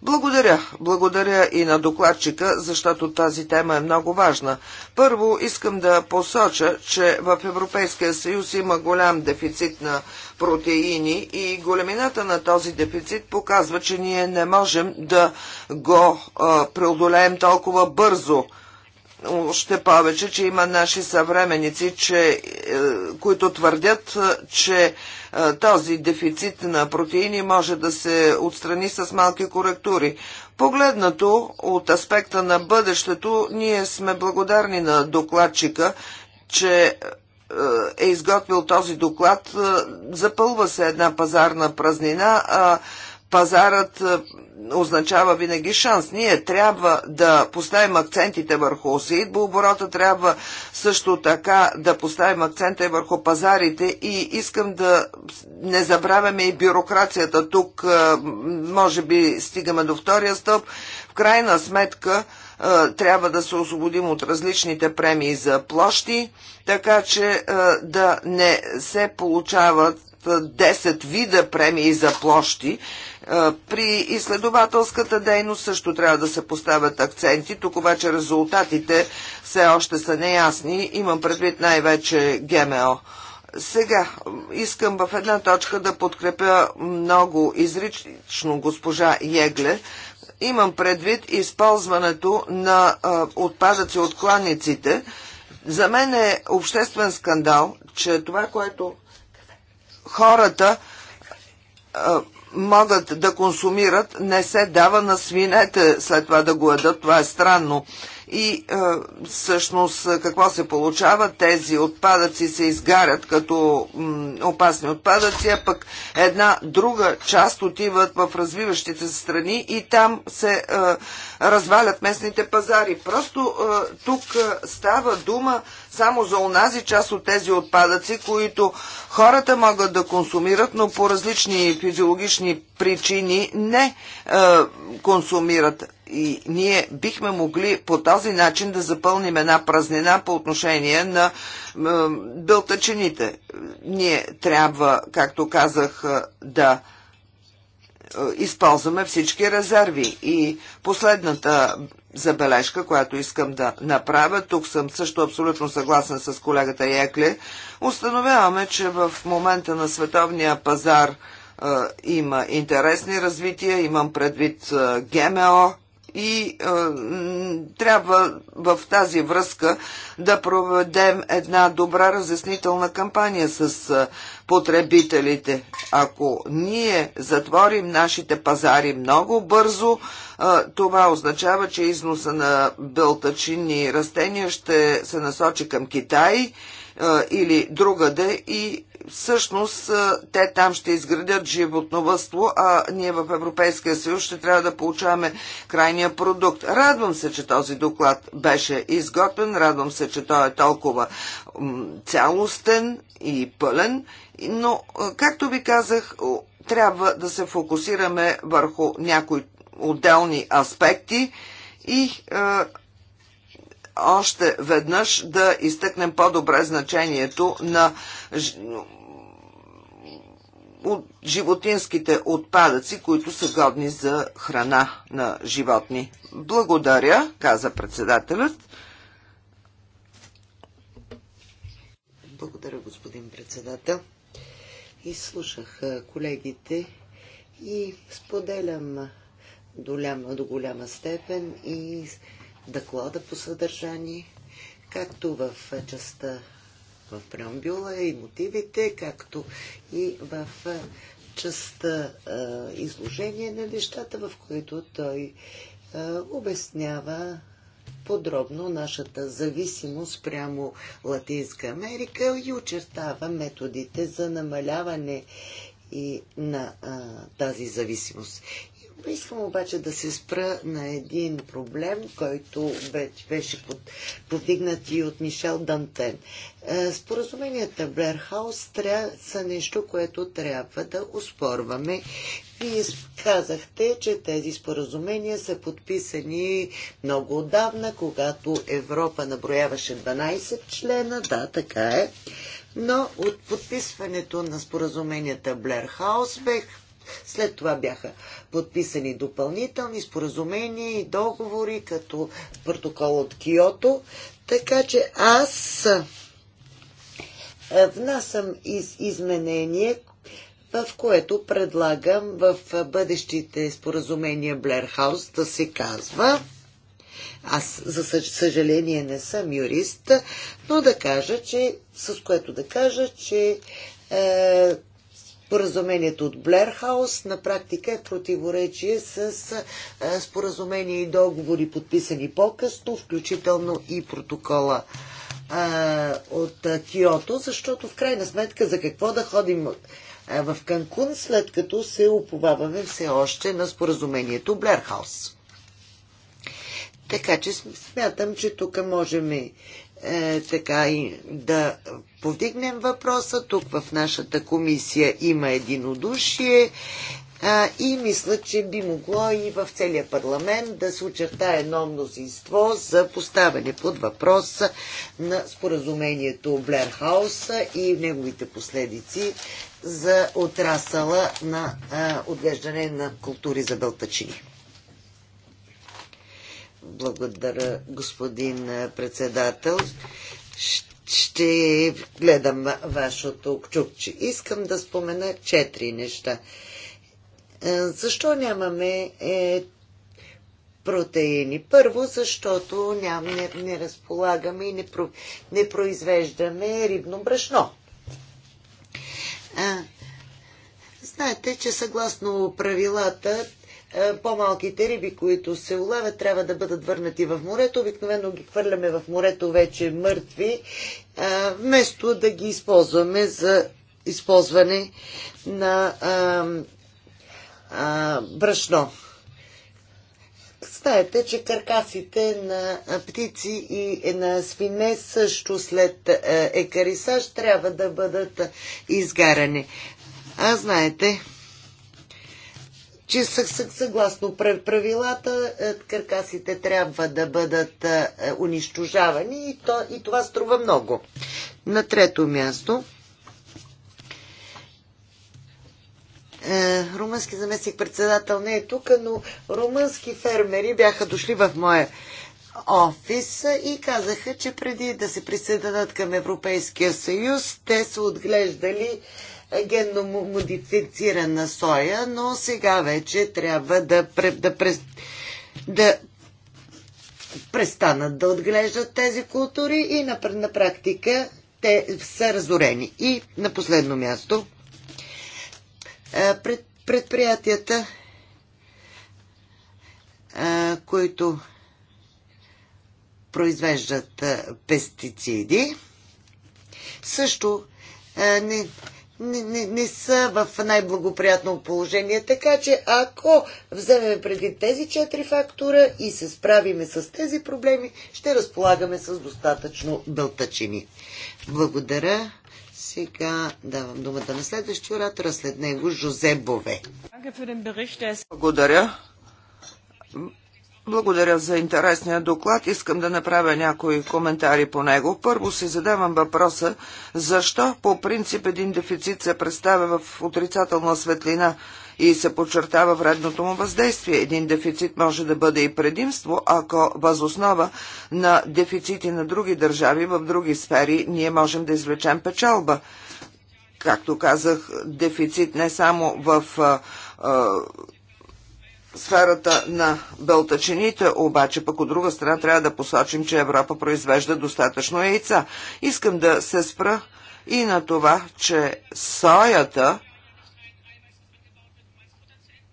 благодаря. Благодаря и на докладчика, защото тази тема е много важна. Първо искам да посоча, че в Европейския съюз има голям дефицит на протеини и големината на този дефицит показва, че ние не можем да го преодолеем толкова бързо. Още повече, че има наши съвременици, че, е, които твърдят, че е, този дефицит на протеини може да се отстрани с малки коректури. Погледнато от аспекта на бъдещето, ние сме благодарни на докладчика, че е, е изготвил този доклад, е, запълва се една пазарна празнина, а пазарът е, означава винаги шанс. Ние трябва да поставим акцентите върху оборота, трябва също така да поставим акцента и върху пазарите и искам да не забравяме и бюрокрацията. Тук е, може би стигаме до втория стъп. В крайна сметка е, трябва да се освободим от различните премии за площи, така че да не се получават 10 вида премии за площи. Е, при изследователската дейност също трябва да се поставят акценти, тук обаче резултатите все още са неясни. Имам предвид най-вече ГМО. Сега искам в една точка да подкрепя много изрично госпожа Егле. Имам предвид използването на а, е, отпадъци от кланиците. За мен е обществен скандал, че това, което хората могат да консумират, не се дава на свинете след това да го ядат. Това е странно. И а, всъщност какво се получава? Тези отпадъци се изгарят като м, опасни отпадъци, а пък една друга част отиват в развиващите се страни и там се а, развалят местните пазари. Просто а, тук става дума само за онази част от тези отпадъци, които хората могат да консумират, но по различни физиологични причини не е, консумират. И ние бихме могли по този начин да запълним една празнина по отношение на е, бълтачените. Ние трябва, както казах, е, да е, използваме всички резерви. И последната забележка, която искам да направя. Тук съм също абсолютно съгласен с колегата Екле. Установяваме, че в момента на световния пазар е, има интересни развития. Имам предвид е, ГМО, и е, трябва в тази връзка да проведем една добра разяснителна кампания с е, потребителите. Ако ние затворим нашите пазари много бързо, е, това означава, че износа на белтачинни растения ще се насочи към Китай е, или другаде и всъщност те там ще изградят животновътство, а ние в Европейския съюз ще трябва да получаваме крайния продукт. Радвам се, че този доклад беше изготвен, радвам се, че той е толкова цялостен и пълен, но, както ви казах, трябва да се фокусираме върху някои отделни аспекти и още веднъж да изтъкнем по-добре значението на от животинските отпадъци, които са годни за храна на животни. Благодаря, каза председателят. Благодаря, господин председател. Изслушах колегите и споделям до голяма, до голяма степен и доклада по съдържание, както в частта в преамбюла и мотивите, както и в частта изложение на нещата, в които той обяснява подробно нашата зависимост прямо Латинска Америка и очертава методите за намаляване и на а, тази зависимост. Искам обаче да се спра на един проблем, който беше повдигнат и от Мишел Дантен. Е, споразуменията Блерхаус са нещо, което трябва да успорваме. Вие казахте, че тези споразумения са подписани много отдавна, когато Европа наброяваше 12 члена. Да, така е. Но от подписването на споразуменията Блерхаус бех след това бяха подписани допълнителни споразумения и договори, като протокол от Киото. Така че аз е, внасям из, изменение, в което предлагам в бъдещите споразумения Блерхаус да се казва аз, за съжаление, не съм юрист, но да кажа, че, с което да кажа, че е, споразумението от Блерхаус на практика е противоречие с споразумения и договори подписани по-късно, включително и протокола от Киото, защото в крайна сметка за какво да ходим в Канкун, след като се уповаваме все още на споразумението Блерхаус. Така че смятам, че тук можем е, така и да повдигнем въпроса. Тук в нашата комисия има единодушие а, и мисля, че би могло и в целия парламент да се очертае едно мнозинство за поставяне под въпроса на споразумението Блерхауса и неговите последици за отрасъла на а, отглеждане на култури за белтачини. Благодаря, господин председател. Ще гледам вашето чукче. Искам да спомена четири неща. Защо нямаме е, протеини? Първо, защото ням, не, не разполагаме и не, про, не произвеждаме рибно брашно. А, знаете, че съгласно правилата е, по-малките риби, които се улавят, трябва да бъдат върнати в морето. Обикновено ги хвърляме в морето вече мъртви, е, вместо да ги използваме за използване на а, е, а, брашно. Знаете, че каркасите на птици и на свине също след екарисаж трябва да бъдат изгарани. А знаете, че съгласно правилата е, каркасите трябва да бъдат е, унищожавани и, то, и това струва много. На трето място е, румънски заместник председател не е тук, но румънски фермери бяха дошли в моя офис и казаха, че преди да се присъединят към Европейския съюз, те са отглеждали генно модифицирана соя, но сега вече трябва да, да, да престанат да отглеждат тези култури и на, на практика те са разорени. И на последно място, пред, предприятията, които произвеждат пестициди, също не, не, не, не са в най-благоприятно положение. Така че ако вземем преди тези четири фактора и се справиме с тези проблеми, ще разполагаме с достатъчно бълтачини. Благодаря. Сега давам думата на следващия оратор, след него Жозе Бове. Er Благодаря. Благодаря за интересния доклад. Искам да направя някои коментари по него. Първо си задавам въпроса, защо по принцип един дефицит се представя в отрицателна светлина и се подчертава вредното му въздействие. Един дефицит може да бъде и предимство, ако възоснова на дефицити на други държави в други сфери ние можем да извлечем печалба. Както казах, дефицит не само в а, а, сферата на белтачините, обаче пък от друга страна трябва да посочим, че Европа произвежда достатъчно яйца. Искам да се спра и на това, че соята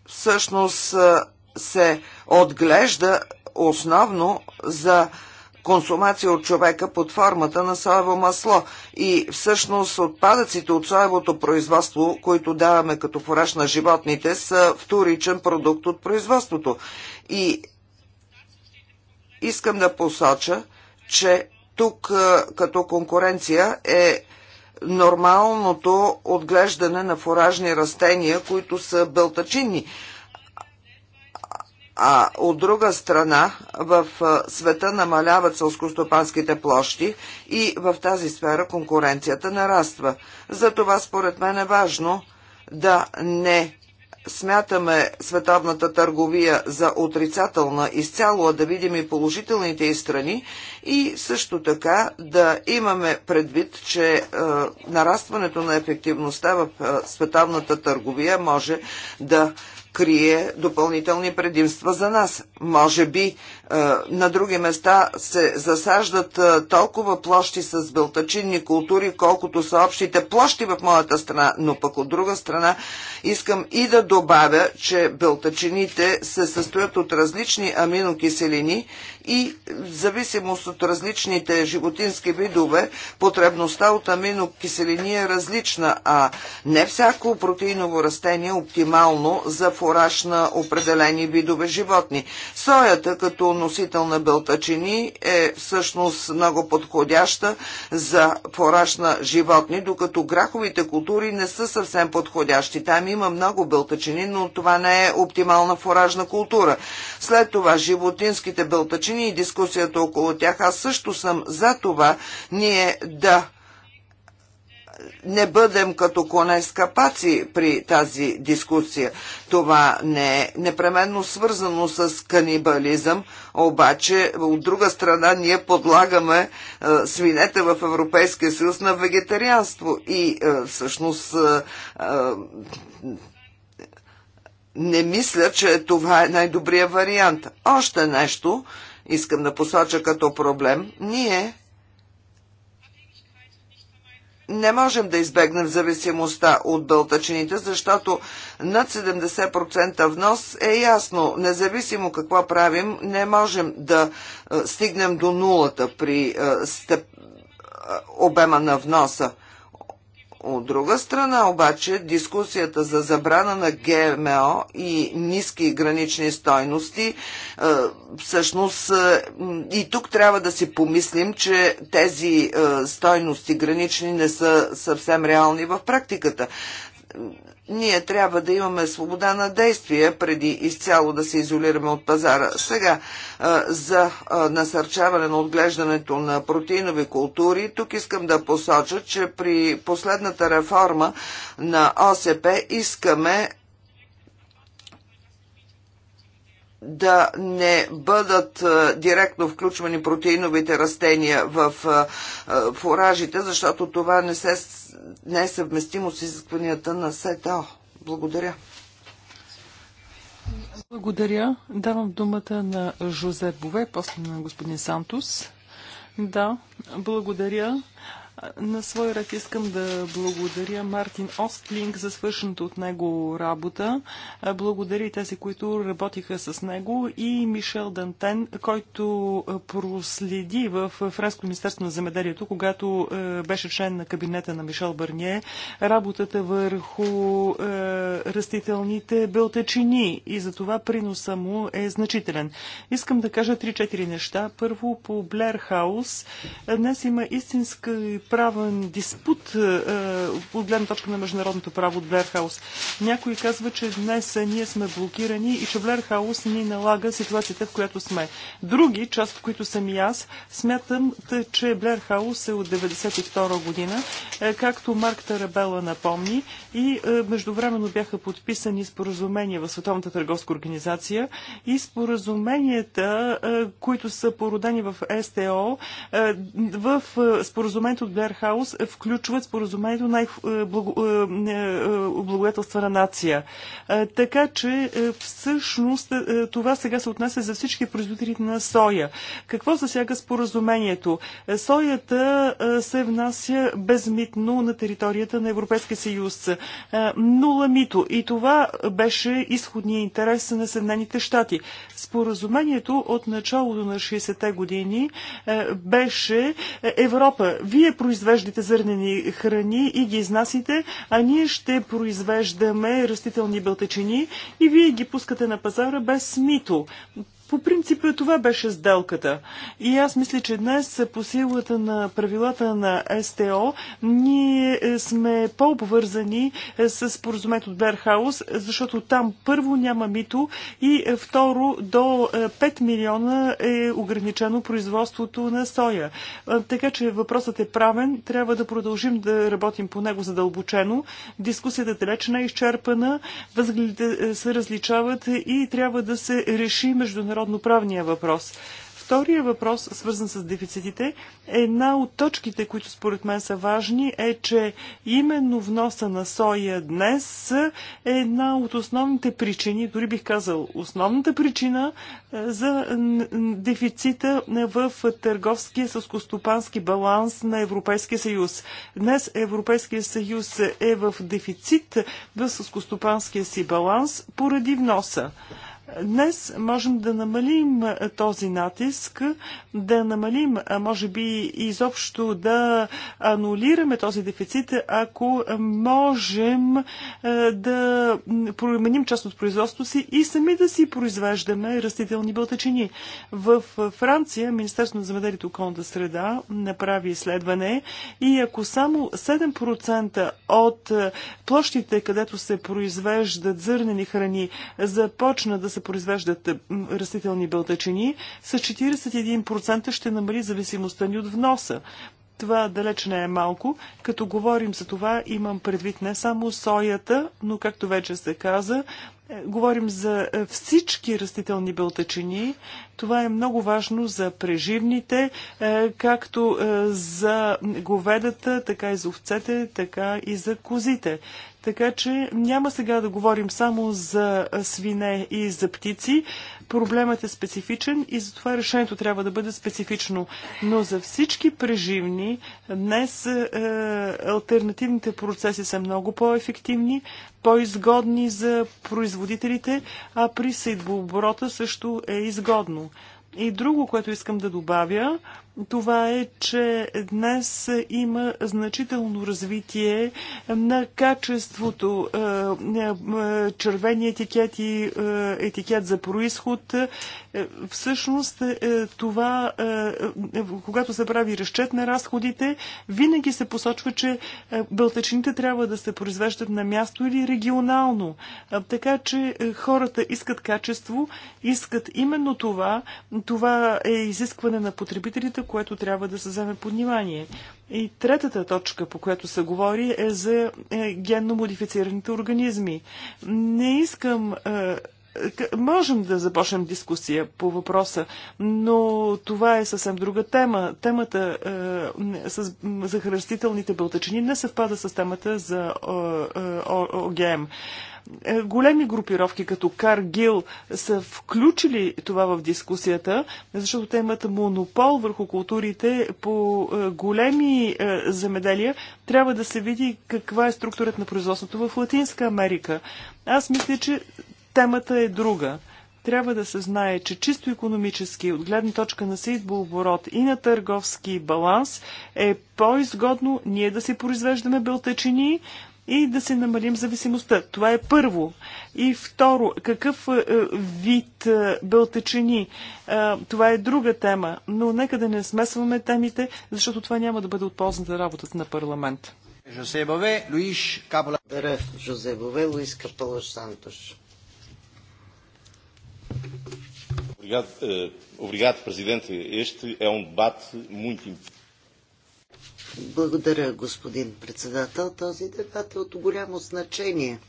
всъщност се отглежда основно за консумация от човека под формата на соево масло и всъщност отпадъците от соевото производство, които даваме като фураж на животните, са вторичен продукт от производството. И искам да посоча, че тук е, като конкуренция е нормалното отглеждане на фуражни растения, които са бълтачинни а от друга страна в света намаляват сълскостопанските площи и в тази сфера конкуренцията нараства. Затова според мен е важно да не смятаме световната търговия за отрицателна изцяло, а да видим и положителните и страни и също така да имаме предвид, че е, нарастването на ефективността в е, световната търговия може да крие допълнителни предимства за нас. Може би е, на други места се засаждат е, толкова площи с белтачинни култури, колкото са общите площи в моята страна, но пък от друга страна искам и да добавя, че белтачините се състоят от различни аминокиселини и в зависимост от различните животински видове, потребността от аминокиселини е различна, а не всяко протеиново растение е оптимално за фураж на определени видове животни. Соята като носител на белтачини е всъщност много подходяща за фораж на животни, докато граховите култури не са съвсем подходящи. Там има много белтачини, но това не е оптимална форажна култура. След това животинските белтачини и дискусията около тях, аз също съм за това ние да не бъдем като коне с капаци при тази дискусия. Това не е непременно свързано с канибализъм, обаче от друга страна ние подлагаме е, свинете в Европейския съюз на вегетарианство и е, всъщност е, е, не мисля, че това е най-добрия вариант. Още нещо искам да посоча като проблем. Ние не можем да избегнем зависимостта от бълтачините, защото над 70% внос е ясно. Независимо какво правим, не можем да е, стигнем до нулата при е, степ... Е, обема на вноса. От друга страна обаче дискусията за забрана на ГМО и ниски гранични стойности е, всъщност е, и тук трябва да си помислим, че тези е, стойности гранични не са съвсем реални в практиката ние трябва да имаме свобода на действие преди изцяло да се изолираме от пазара. Сега, за насърчаване на отглеждането на протеинови култури, тук искам да посоча, че при последната реформа на ОСП искаме да не бъдат директно включвани протеиновите растения в фуражите, защото това не, се, не е съвместимо с изискванията на СТО. Благодаря. Благодаря. Давам думата на Жозе Бове, после на господин Сантус. Да, благодаря. На свой ред искам да благодаря Мартин Остлинг за свършената от него работа. Благодаря и тези, които работиха с него и Мишел Дантен, който проследи в Френско министерство на земеделието, когато беше член на кабинета на Мишел Бърние, работата върху растителните белтечини и за това приноса му е значителен. Искам да кажа 3-4 неща. Първо по Блер Хаус. Днес има истинска правен диспут е, е, от гледна точка на международното право от Блерхаус. Някой казва, че днес ние сме блокирани и че Блерхаус ни налага ситуацията, в която сме. Други, част от които съм и аз, смятам, че Блерхаус е от 1992 година, е, както Марк Тарабела напомни, и междувременно бяха подписани споразумения в Световната търговска организация и споразуменията, които са породени в СТО, в споразумението от Дерхаус е, включват споразумението най е, е, на нация. Така че всъщност това сега се отнася за всички производители на соя. Какво засяга споразумението? Соята се внася безмитно на територията на Европейския съюз. Нула мито. И това беше изходния интерес на Съединените щати. Споразумението от началото на 60-те години беше Европа. Вие произвеждате зърнени храни и ги изнасите, а ние ще произвеждаме растителни бълтачини и вие ги пускате на пазара без мито. По принцип това беше сделката. И аз мисля, че днес по силата на правилата на СТО ние е, сме по-обвързани е, с поразумето от Берхаус, защото там първо няма мито и е, второ до 5 милиона е ограничено производството на соя. Така че въпросът е правен. Трябва да продължим да работим по него задълбочено. Дискусията далеч не е изчерпана. Възгледите се различават и трябва да се реши международно международноправния въпрос. Втория въпрос, свързан с дефицитите, една от точките, които според мен са важни, е, че именно вноса на соя днес е една от основните причини, дори бих казал основната причина е, за дефицита в търговския съскостопански баланс на Европейския съюз. Днес Европейския съюз е в дефицит в съскостопанския си баланс поради вноса. Днес можем да намалим този натиск, да намалим, може би изобщо да анулираме този дефицит, ако можем да променим част от производството си и сами да си произвеждаме растителни бълтачини. В Франция Министерството на земеделието и околната среда направи изследване и ако само 7% от площите, където се произвеждат зърнени храни, започна да се произвеждат растителни бълтачини, с 41% ще намали зависимостта ни от вноса. Това далеч не е малко. Като говорим за това, имам предвид не само соята, но както вече се каза, е, говорим за е, всички растителни белтачини. Това е много важно за преживните, е, както за говедата, така и за овцете, така и за козите. Така че няма сега да говорим само за свине и за птици. Проблемът е специфичен и затова решението трябва да бъде специфично. Но за всички преживни днес е, альтернативните процеси са много по-ефективни, по-изгодни за производителите, а при сейдбооборота също е изгодно. И друго, което искам да добавя, това е, че днес има значително развитие на качеството. Е, е, червени етикети, е, етикет за происход. Всъщност това, когато се прави разчет на разходите, винаги се посочва, че бълтачините трябва да се произвеждат на място или регионално. Така че хората искат качество, искат именно това. Това е изискване на потребителите, което трябва да се вземе под внимание. И третата точка, по която се говори, е за е, генно модифицираните организми. Не искам е, Можем да започнем дискусия по въпроса, но това е съвсем друга тема. Темата е, с, за хранителните бълтачини не съвпада с темата за е, ОГМ. Е, големи групировки като Каргил са включили това в дискусията, защото те имат монопол върху културите по е, големи е, замеделия. Трябва да се види каква е структурата на производството в Латинска Америка. Аз мисля, че темата е друга трябва да се знае, че чисто економически, от гледна точка на оборот и на търговски баланс, е по-изгодно ние да си произвеждаме белтъчини, и да се намалим зависимостта. Това е първо. И второ, какъв вид бълтечени? Това е друга тема, но нека да не смесваме темите, защото това няма да бъде от полза за работата на парламент. Жозе Бове, Луиш Капола. Жозе Бове, Луис Капола Сантош. Obrigado, obrigado, Presidente. Este é um debate muito importante. Благодаря, господин председател. Този дебат е от голямо значение.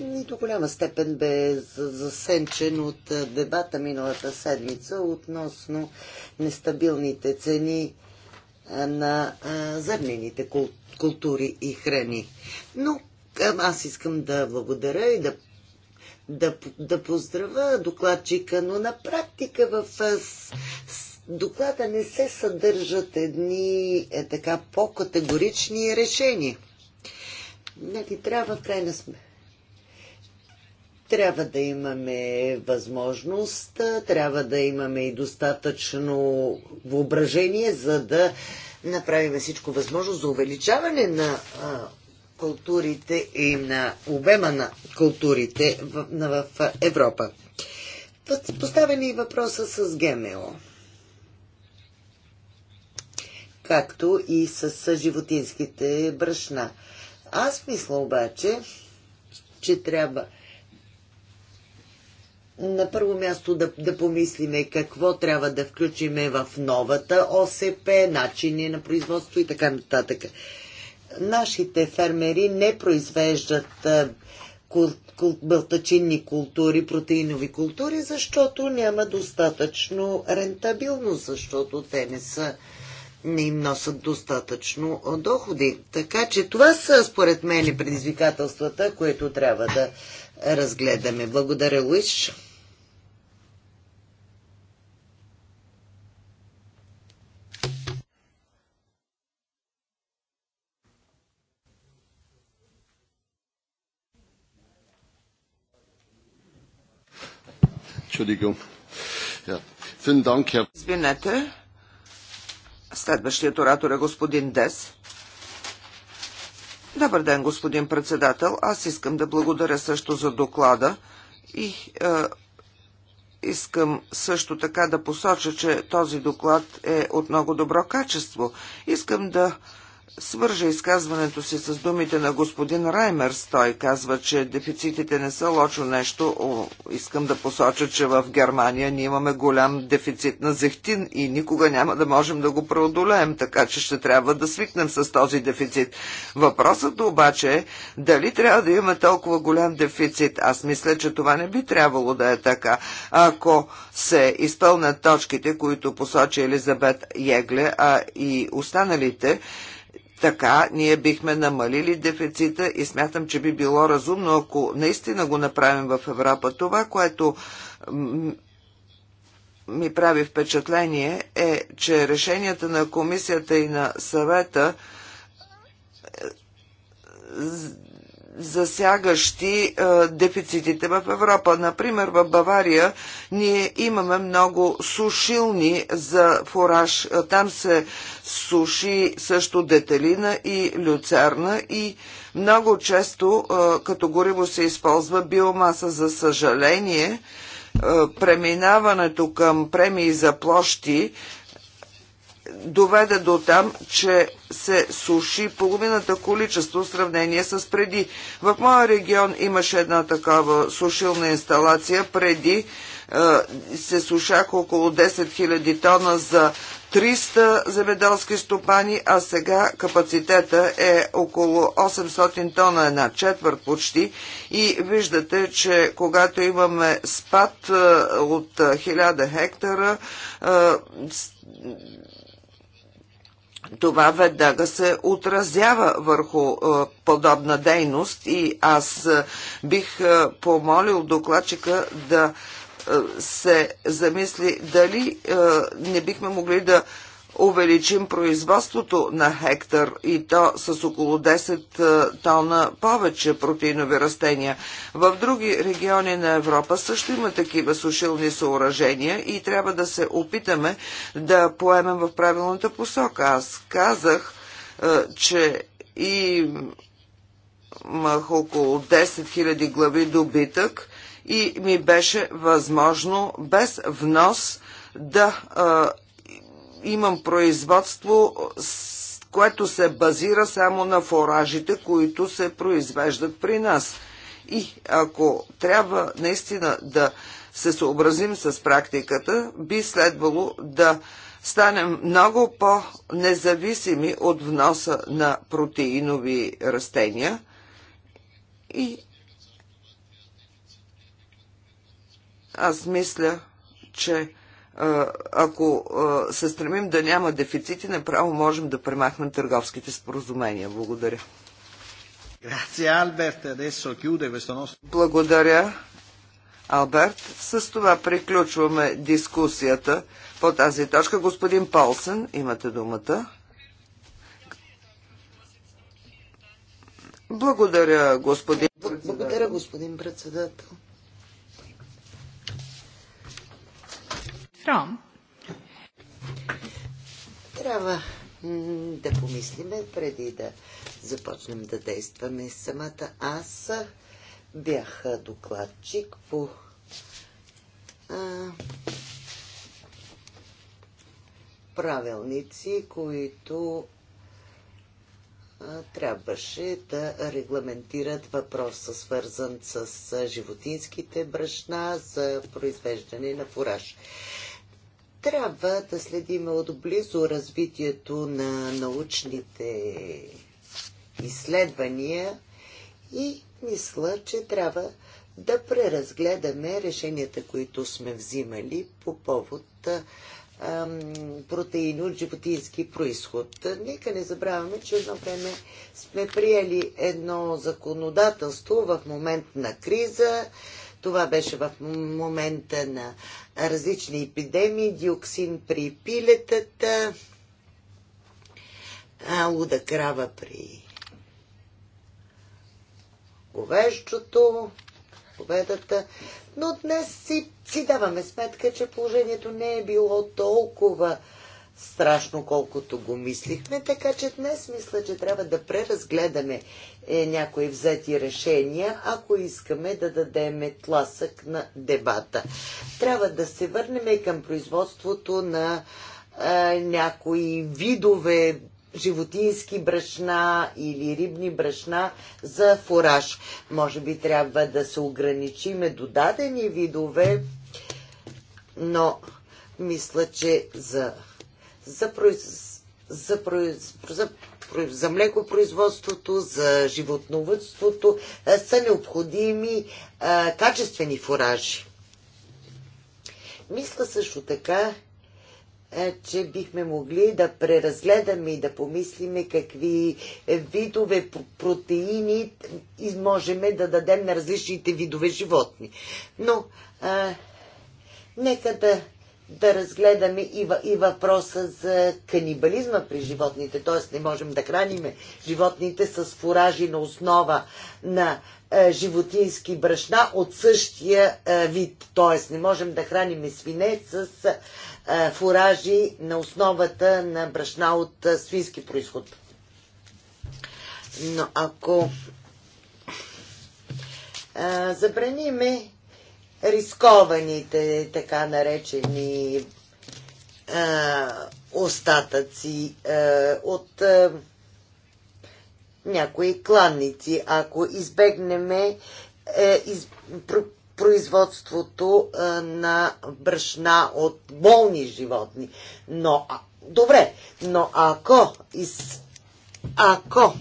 И до голяма степен бе засенчен от дебата миналата седмица относно нестабилните цени на зърнените култури и храни. Но аз искам да благодаря и да да, да поздравя докладчика, но на практика в доклада не се съдържат едни е, така по-категорични решения. Нали, трябва в крайна сме. Трябва да имаме възможност, трябва да имаме и достатъчно въображение, за да направим всичко възможно за увеличаване на а, културите и на обема на културите в, на, в Европа. Поставен и въпроса с ГМО, както и с животинските брашна. Аз мисля обаче, че трябва на първо място да, да помислиме какво трябва да включиме в новата ОСП, начини на производство и така нататък нашите фермери не произвеждат бълтачинни култури, протеинови култури, защото няма достатъчно рентабилност, защото те не са не им носят достатъчно доходи. Така че това са, според мен, предизвикателствата, които трябва да разгледаме. Благодаря, Луиш. Entschuldigung. Ja. Vielen Dank, Herr. Извинете. Следващият оратор е господин Дес. Добър ден, господин председател. Аз искам да благодаря също за доклада и е, Искам също така да посоча, че този доклад е от много добро качество. Искам да свържа изказването си с думите на господин Раймерс. Той казва, че дефицитите не са лошо нещо. О, искам да посоча, че в Германия ние имаме голям дефицит на зехтин и никога няма да можем да го преодолеем, така че ще трябва да свикнем с този дефицит. Въпросът обаче е дали трябва да имаме толкова голям дефицит. Аз мисля, че това не би трябвало да е така. Ако се изпълнят точките, които посочи Елизабет Егле, а и останалите, така ние бихме намалили дефицита и смятам, че би било разумно, ако наистина го направим в Европа. Това, което ми прави впечатление е, че решенията на комисията и на съвета е, засягащи а, е, дефицитите в Европа. Например, в Бавария ние имаме много сушилни за фораж. Е, там се суши също детелина и люцерна и много често а, е, като гориво се използва биомаса. За съжаление, а, преминаването към премии за площи доведе до там, че се суши половината количество в сравнение с преди. В моя регион имаше една такава сушилна инсталация преди е, се сушаха около 10 000 тона за 300 земеделски стопани, а сега капацитета е около 800 тона, една четвърт почти. И виждате, че когато имаме спад е, от 1000 хектара, е, това веднага се отразява върху а, е, подобна дейност и аз а, е, бих а, е, помолил докладчика да се замисли дали не бихме могли да увеличим производството на хектар и то с около 10 е, тона повече протеинови растения. В други региони на Европа също има такива сушилни съоръжения и трябва да се опитаме да поемем в правилната посока. Аз казах, е, че и имах около 10 000 глави добитък и ми беше възможно без внос да а, е, имам производство, което се базира само на форажите, които се произвеждат при нас. И ако трябва наистина да се съобразим с практиката, би следвало да станем много по-независими от вноса на протеинови растения и аз мисля, че ако се стремим да няма дефицити, направо можем да премахнем търговските споразумения. Благодаря. Благодаря, Алберт. С това приключваме дискусията по тази точка. Господин Полсен, имате думата. Благодаря, господин Благодаря, господин председател. Ром. Трябва да помислиме преди да започнем да действаме самата. Аз бях докладчик по а, правилници, които трябваше да регламентират въпроса, свързан с животинските брашна за произвеждане на фураж. Трябва да следим отблизо развитието на научните изследвания и мисля, че трябва да преразгледаме решенията, които сме взимали по повод протеини от животински происход. Нека не забравяме, че едно време сме приели едно законодателство в момент на криза, това беше в момента на различни епидемии, диоксин при пилетата, луда крава при говещото, победата. Но днес си, си даваме сметка, че положението не е било толкова страшно, колкото го мислихме, така че днес мисля, че трябва да преразгледаме е, някои взети решения, ако искаме да дадем тласък на дебата. Трябва да се върнем към производството на е, някои видове животински брашна или рибни брашна за фураж. Може би трябва да се ограничиме до дадени видове, но мисля, че за, за, произ, за, произ, за за млекопроизводството, за животновътството са необходими а, качествени фуражи. Мисля също така, че бихме могли да преразгледаме и да помислиме какви видове протеини можем да дадем на различните видове животни. Но а, нека да да разгледаме и, и въпроса за канибализма при животните, т.е. не можем да храним животните с фуражи на основа на е, животински брашна от същия е, вид, т.е. не можем да храним свине с е, фуражи на основата на брашна от е, свински происход. Но ако е, забраниме рискованите, така наречени а, остатъци а, от а, някои кланници. Ако избегнеме а, е, из, про, производството а, на брашна от болни животни. Но, а, добре, но ако, из, ако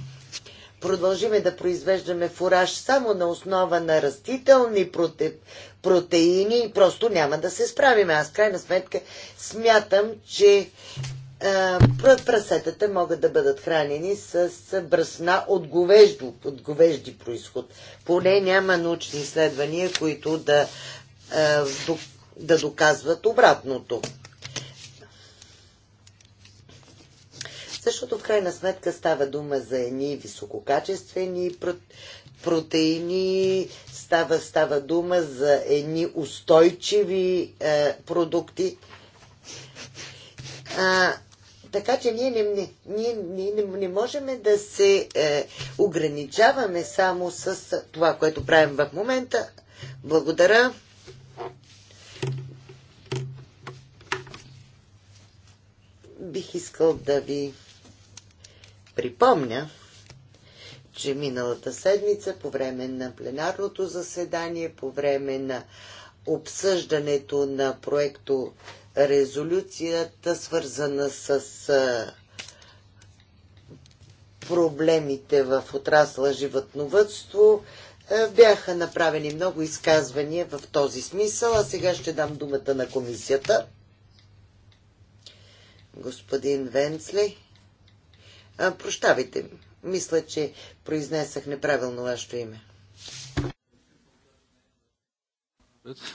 продължиме да произвеждаме фураж само на основа на растителни проте, протеини и просто няма да се справим. Аз крайна сметка смятам, че прасетата могат да бъдат хранени с бръсна от говеждо, от говежди происход. Поне няма научни изследвания, които да, да доказват обратното. Защото в крайна сметка става дума за едни висококачествени протеини, става, става дума за едни устойчиви е, продукти. А, така че ние не, не, ние, ние не, не можем да се е, ограничаваме само с това, което правим в момента. Благодаря. Бих искал да ви припомня, че миналата седмица, по време на пленарното заседание, по време на обсъждането на проекто резолюцията, свързана с проблемите в отрасла животновътство, бяха направени много изказвания в този смисъл, а сега ще дам думата на комисията. Господин Венцли, прощавайте ми. Мисля, че произнесах неправилно вашето име. Much,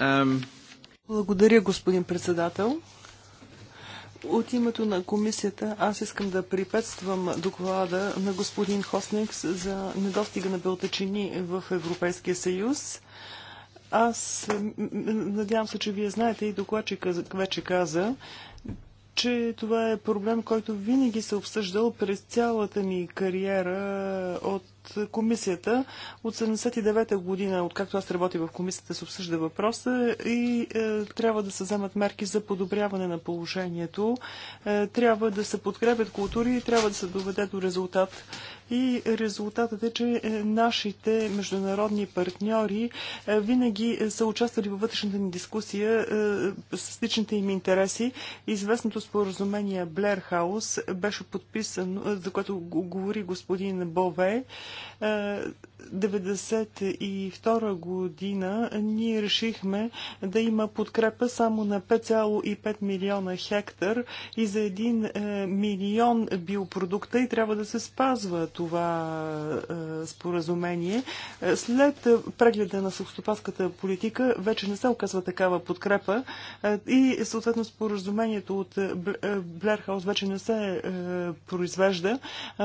um... Благодаря, господин председател. От името на комисията аз искам да припетствам доклада на господин Хосникс за недостига на белтачини в Европейския съюз. Аз надявам се, че вие знаете и докладчика вече каза, че това е проблем, който винаги се е обсъждал през цялата ми кариера от комисията. От 79-та година, откакто аз работя в комисията, се обсъжда въпроса и е, трябва да се вземат мерки за подобряване на положението. Е, трябва да се подкрепят култури и трябва да се доведе до резултат и резултатът е, че е, нашите международни партньори е, винаги е, са участвали във вътрешната ни дискусия с личните им интереси. Известното споразумение Блер Хаус беше подписано, за което говори господин Бове 1992 година ние решихме да има подкрепа само на 5,5 милиона хектар и за 1 е, милион биопродукта и трябва да се спазва това е, споразумение. Е, след прегледа на съхстопавската политика вече не се оказва такава подкрепа и съответно споразумението от Блерхаус вече не се произвежда,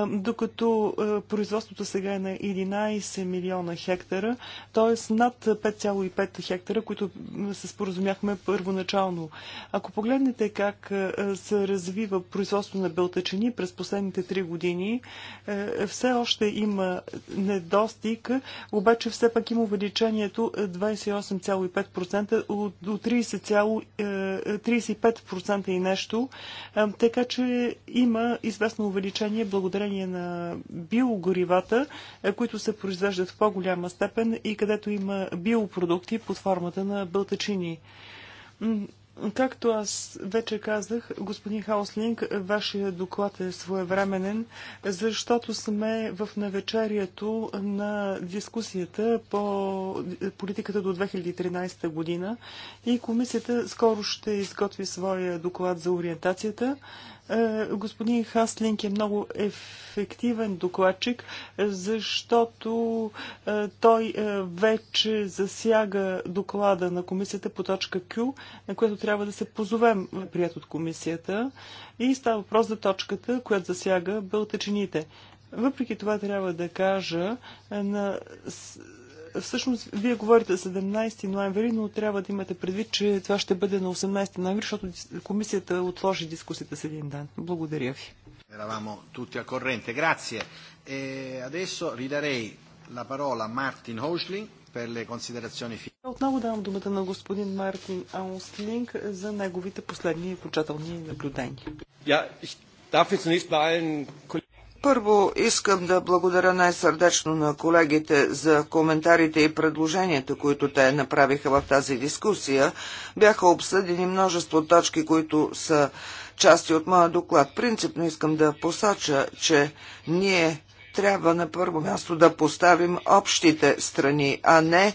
докато производството сега е на 11 30 милиона хектара, т.е. над 5,5 хектара, които се споразумяхме първоначално. Ако погледнете как е, се развива производство на белтачени през последните 3 години, е, все още има недостиг, обаче все пак има увеличението 28,5% до 30,35% и нещо, е, така че има известно увеличение благодарение на биогоривата, които се произвеждат произвеждат в по-голяма степен и където има биопродукти под формата на бълтачини. Както аз вече казах, господин Хауслинг, вашия доклад е своевременен, защото сме в навечерието на дискусията по политиката до 2013 година и комисията скоро ще изготви своя доклад за ориентацията. Е, господин Хаслинг е много ефективен докладчик, е, защото е, той вече засяга доклада на комисията по точка Q, на която трябва да се позовем, прият от комисията. И става въпрос за точката, която засяга бълтачините. Въпреки това трябва да кажа на всъщност вие говорите 17 ноември, но трябва да имате предвид, че това ще бъде на 18 ноември, защото комисията отложи дискусията с един ден. Благодаря ви. Еравамо тути al corrente, grazie. E adesso ridarei la parola a Martin Hoschling per le considerazioni е, Отново давам думата на господин Мартин Аунслинг за неговите последни окончателни наблюдения. Ja, ich darf jetzt zunächst bei allen първо искам да благодаря най-сърдечно на колегите за коментарите и предложенията, които те направиха в тази дискусия. Бяха обсъдени множество точки, които са части от моя доклад. Принципно искам да посоча, че ние трябва на първо място да поставим общите страни, а не е,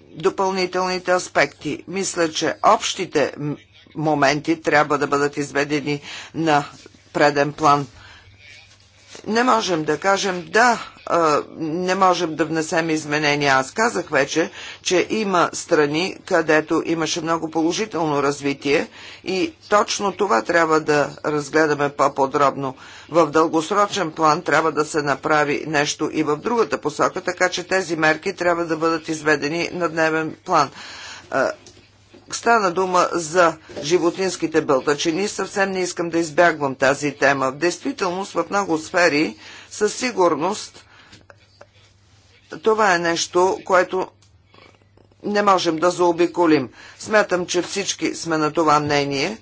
допълнителните аспекти. Мисля, че общите моменти трябва да бъдат изведени на преден план – не можем да кажем да, не можем да внесем изменения. Аз казах вече, че има страни, където имаше много положително развитие и точно това трябва да разгледаме по-подробно. В дългосрочен план трябва да се направи нещо и в другата посока, така че тези мерки трябва да бъдат изведени на дневен план стана дума за животинските бълтачини, съвсем не искам да избягвам тази тема. В действителност в много сфери със сигурност това е нещо, което не можем да заобиколим. Смятам, че всички сме на това мнение.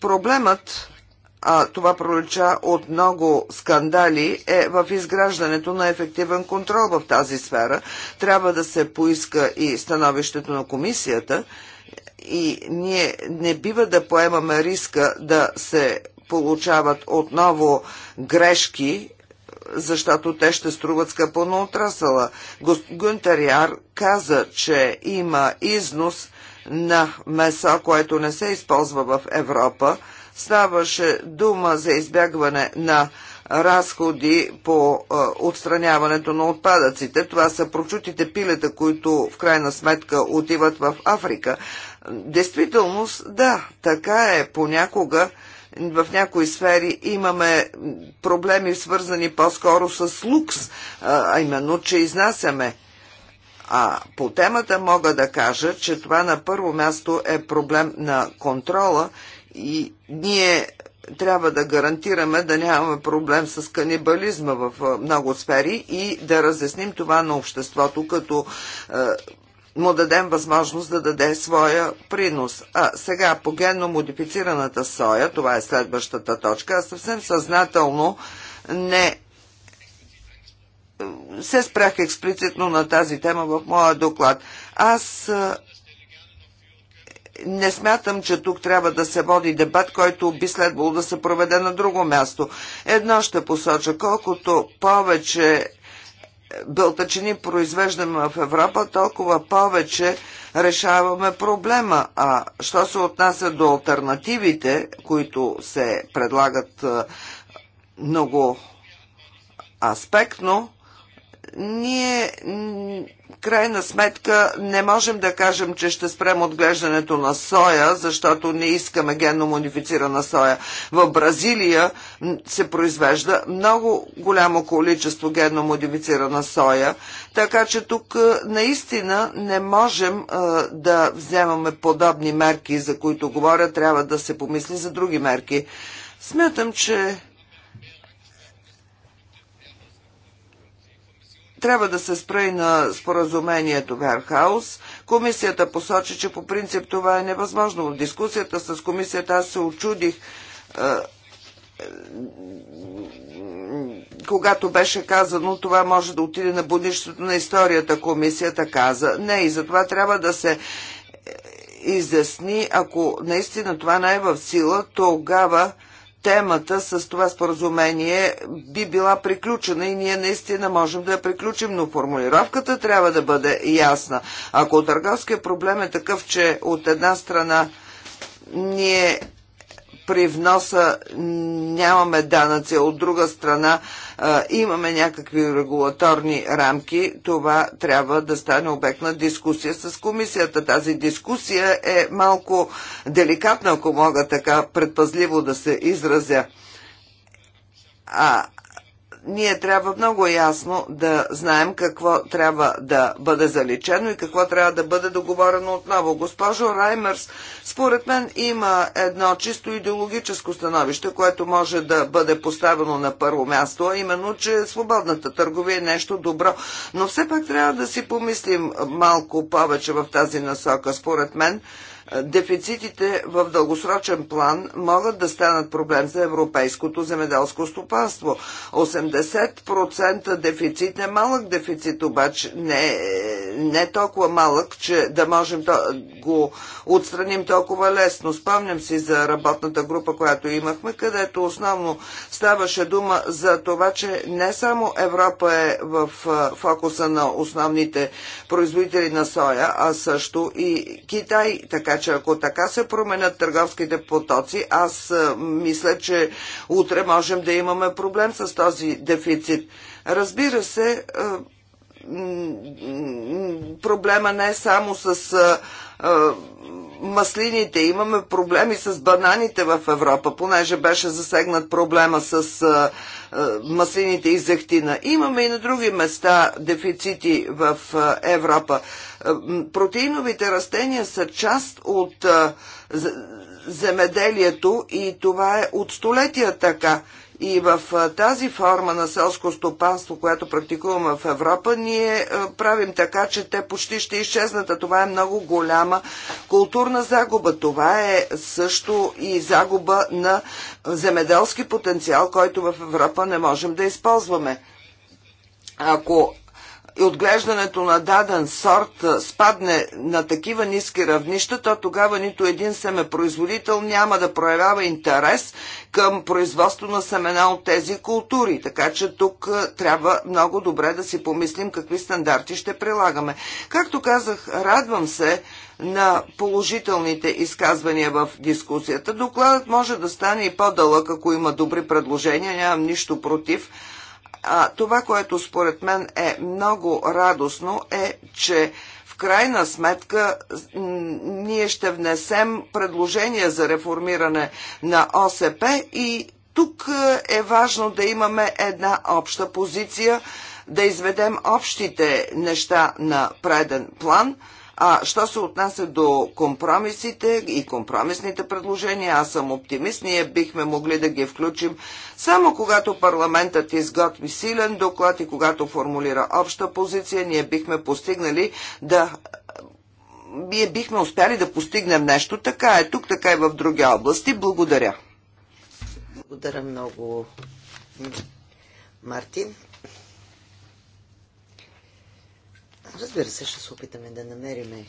Проблемът а това пролича от много скандали, е в изграждането на ефективен контрол в тази сфера. Трябва да се поиска и становището на комисията и ние не бива да поемаме риска да се получават отново грешки, защото те ще струват скъпо на отрасъла. Гюнтер Яр каза, че има износ на месо, което не се използва в Европа, Ставаше дума за избягване на разходи по отстраняването на отпадъците. Това са прочутите пилета, които в крайна сметка отиват в Африка. Действителност, да, така е. Понякога в някои сфери имаме проблеми свързани по-скоро с лукс, а именно, че изнасяме. А по темата мога да кажа, че това на първо място е проблем на контрола и ние трябва да гарантираме да нямаме проблем с канибализма в много сфери и да разясним това на обществото, като му дадем възможност да даде своя принос. А сега по генно модифицираната соя, това е следващата точка, аз съвсем съзнателно не се спрях експлицитно на тази тема в моя доклад. Аз не смятам, че тук трябва да се води дебат, който би следвало да се проведе на друго място. Едно ще посоча, колкото повече бълтачини произвеждаме в Европа, толкова повече решаваме проблема. А що се отнася до альтернативите, които се предлагат много аспектно, ние крайна сметка не можем да кажем, че ще спрем отглеждането на соя, защото не искаме генно модифицирана соя. В Бразилия се произвежда много голямо количество генно модифицирана соя, така че тук е, наистина не можем е, да вземаме подобни мерки, за които говоря, трябва да се помисли за други мерки. Смятам, че Трябва да се спра и на споразумението Верхаус. Комисията посочи, че по принцип това е невъзможно. В дискусията с комисията аз се очудих когато беше казано, това може да отиде на буднището на историята, комисията каза. Не, и затова трябва да се изясни, ако наистина това не е в сила, тогава темата с това споразумение би била приключена и ние наистина можем да я приключим, но формулировката трябва да бъде ясна. Ако търговския проблем е такъв, че от една страна ние при вноса нямаме данъци, от друга страна имаме някакви регулаторни рамки, това трябва да стане обект на дискусия с комисията. Тази дискусия е малко деликатна, ако мога така предпазливо да се изразя. А ние трябва много ясно да знаем какво трябва да бъде заличено и какво трябва да бъде договорено отново. Госпожо Раймърс, според мен има едно чисто идеологическо становище, което може да бъде поставено на първо място, а именно, че свободната търговия е нещо добро. Но все пак трябва да си помислим малко повече в тази насока, според мен. Дефицитите в дългосрочен план могат да станат проблем за европейското земеделско стопанство. 80% дефицит е малък дефицит, обаче не, не толкова малък, че да можем да го отстраним толкова лесно. Спомням си за работната група, която имахме, където основно ставаше дума за това, че не само Европа е в фокуса на основните производители на соя, а също и Китай, така че ако така се променят търговските потоци, аз мисля, че утре можем да имаме проблем с този дефицит. Разбира се, проблема не е само с маслините, имаме проблеми с бананите в Европа, понеже беше засегнат проблема с а, а, маслините и зехтина. Имаме и на други места дефицити в а, Европа. А, протеиновите растения са част от а, земеделието и това е от столетия така. И в тази форма на селско стопанство, което практикуваме в Европа, ние правим така, че те почти ще изчезнат, а това е много голяма културна загуба. Това е също и загуба на земеделски потенциал, който в Европа не можем да използваме. Ако и отглеждането на даден сорт спадне на такива ниски равнища, то тогава нито един семепроизводител няма да проявява интерес към производство на семена от тези култури. Така че тук трябва много добре да си помислим какви стандарти ще прилагаме. Както казах, радвам се, на положителните изказвания в дискусията. Докладът може да стане и по-дълъг, ако има добри предложения, нямам нищо против. А това, което според мен е много радостно, е, че в крайна сметка ние ще внесем предложение за реформиране на ОСП и тук е, е важно да имаме една обща позиция, да изведем общите неща на преден план – а що се отнася до компромисите и компромисните предложения, аз съм оптимист, ние бихме могли да ги включим само когато парламентът изготви силен доклад и когато формулира обща позиция, ние бихме постигнали да ние бихме успяли да постигнем нещо така е тук, така и е в други области. Благодаря. Благодаря много, Мартин. Разбира се, ще се опитаме да намериме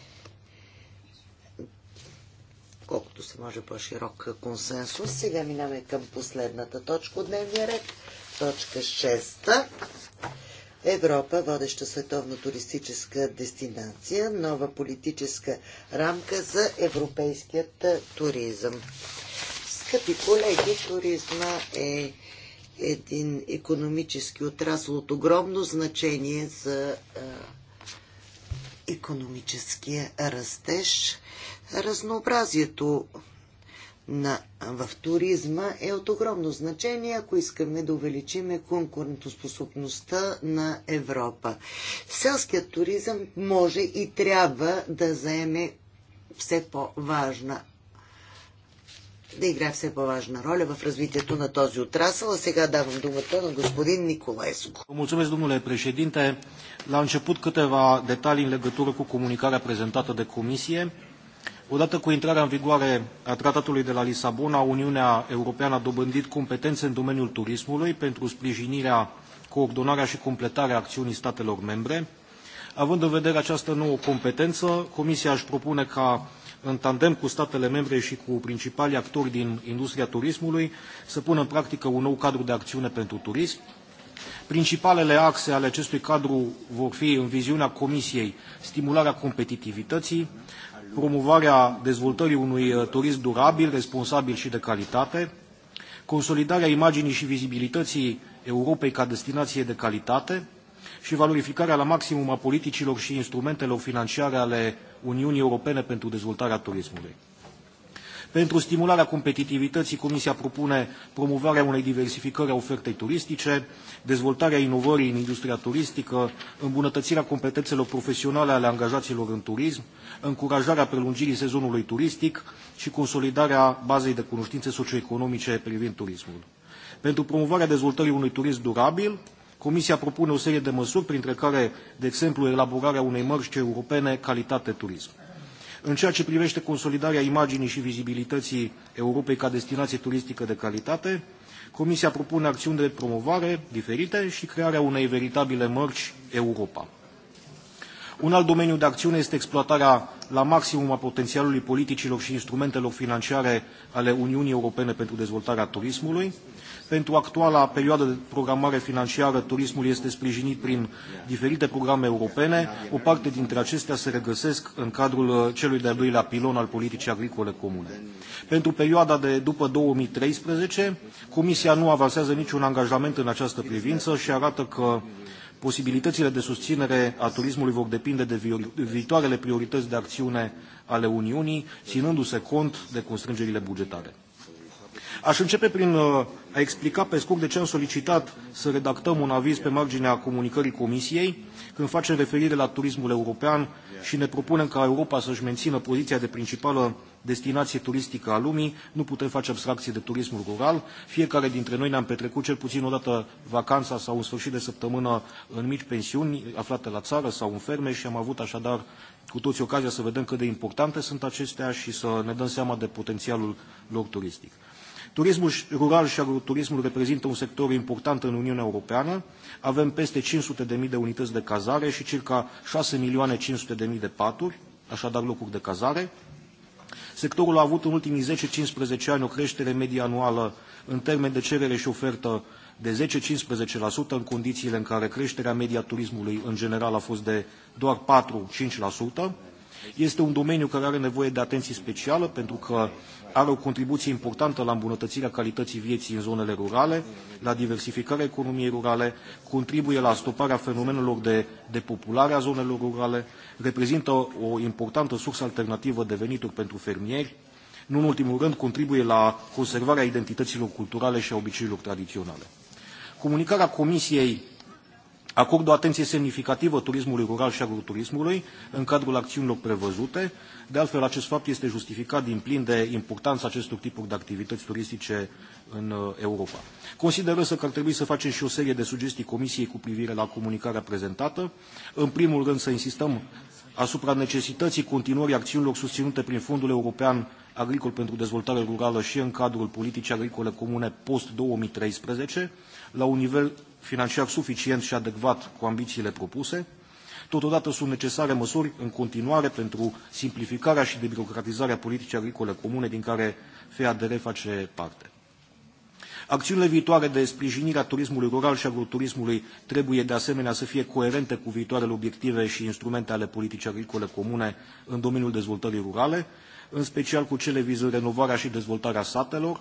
колкото се може по-широк консенсус. Сега минаваме към последната точка от дневния ред. Точка 6. Европа, водеща световна туристическа дестинация, нова политическа рамка за европейският туризъм. Скъпи колеги, туризма е един економически отрасъл от огромно значение за економическия растеж. Разнообразието на, в туризма е от огромно значение, ако искаме да увеличиме конкурентоспособността на Европа. Селският туризъм може и трябва да заеме все по-важна да играе все по-важна роля в развитието на този отрасъл. А сега давам думата на господин Николаеско. Mulțumesc, domnule președinte. La început câteva detalii în legătură cu comunicarea prezentată de Comisie. Odată cu intrarea în vigoare a Tratatului de la Lisabona, Uniunea Europeană a dobândit competențe în domeniul turismului pentru sprijinirea, coordonarea și completarea acțiunii statelor membre. Având în vedere această nouă competență, Comisia își propune ca în tandem cu statele membre și cu principalii actori din industria turismului, să pună în practică un nou cadru de acțiune pentru turism. Principalele axe ale acestui cadru vor fi, în viziunea Comisiei, stimularea competitivității, promovarea dezvoltării unui turism durabil, responsabil și de calitate, consolidarea imaginii și vizibilității Europei ca destinație de calitate, și valorificarea la maximum a politicilor și instrumentelor financiare ale Uniunii Europene pentru dezvoltarea turismului. Pentru stimularea competitivității, Comisia propune promovarea unei diversificări a ofertei turistice, dezvoltarea inovării în industria turistică, îmbunătățirea competențelor profesionale ale angajaților în turism, încurajarea prelungirii sezonului turistic și consolidarea bazei de cunoștințe socioeconomice privind turismul. Pentru promovarea dezvoltării unui turism durabil, Comisia propune o serie de măsuri, printre care, de exemplu, elaborarea unei mărci europene calitate turism. În ceea ce privește consolidarea imaginii și vizibilității Europei ca destinație turistică de calitate, Comisia propune acțiuni de promovare diferite și crearea unei veritabile mărci Europa. Un alt domeniu de acțiune este exploatarea la maximum a potențialului politicilor și instrumentelor financiare ale Uniunii Europene pentru dezvoltarea turismului. Pentru actuala perioadă de programare financiară, turismul este sprijinit prin diferite programe europene. O parte dintre acestea se regăsesc în cadrul celui de-al doilea pilon al politicii agricole comune. Pentru perioada de după 2013, Comisia nu avansează niciun angajament în această privință și arată că posibilitățile de susținere a turismului vor depinde de viitoarele priorități de acțiune ale Uniunii, ținându-se cont de constrângerile bugetare. Aș începe prin a explica pe scurt de ce am solicitat să redactăm un aviz pe marginea comunicării Comisiei, când facem referire la turismul european și ne propunem ca Europa să-și mențină poziția de principală destinație turistică a lumii, nu putem face abstracție de turismul rural. Fiecare dintre noi ne-am petrecut cel puțin o dată vacanța sau un sfârșit de săptămână în mici pensiuni aflate la țară sau în ferme și am avut așadar cu toți ocazia să vedem cât de importante sunt acestea și să ne dăm seama de potențialul lor turistic. Turismul rural și agroturismul reprezintă un sector important în Uniunea Europeană. Avem peste 500.000 de unități de cazare și circa 6.500.000 de paturi, așadar locuri de cazare. Sectorul a avut în ultimii 10-15 ani o creștere medie anuală în termen de cerere și ofertă de 10-15% în condițiile în care creșterea media turismului în general a fost de doar 4-5%. Este un domeniu care are nevoie de atenție specială pentru că are o contribuție importantă la îmbunătățirea calității vieții în zonele rurale, la diversificarea economiei rurale, contribuie la stoparea fenomenelor de depopulare a zonelor rurale, reprezintă o importantă sursă alternativă de venituri pentru fermieri, nu în ultimul rând contribuie la conservarea identităților culturale și a obiceiurilor tradiționale. Comunicarea Comisiei Acord o atenție semnificativă turismului rural și agroturismului în cadrul acțiunilor prevăzute. De altfel, acest fapt este justificat din plin de importanța acestor tipuri de activități turistice în Europa. Consideră să că ar trebui să facem și o serie de sugestii Comisiei cu privire la comunicarea prezentată. În primul rând să insistăm asupra necesității continuării acțiunilor susținute prin Fondul European Agricol pentru Dezvoltare Rurală și în cadrul politicii agricole comune post-2013 la un nivel financiar suficient și adecvat cu ambițiile propuse. Totodată sunt necesare măsuri în continuare pentru simplificarea și debirocratizarea politicii agricole comune din care FADR face parte. Acțiunile viitoare de sprijinire a turismului rural și agroturismului trebuie de asemenea să fie coerente cu viitoarele obiective și instrumente ale politicii agricole comune în domeniul dezvoltării rurale, în special cu cele vizând renovarea și dezvoltarea satelor,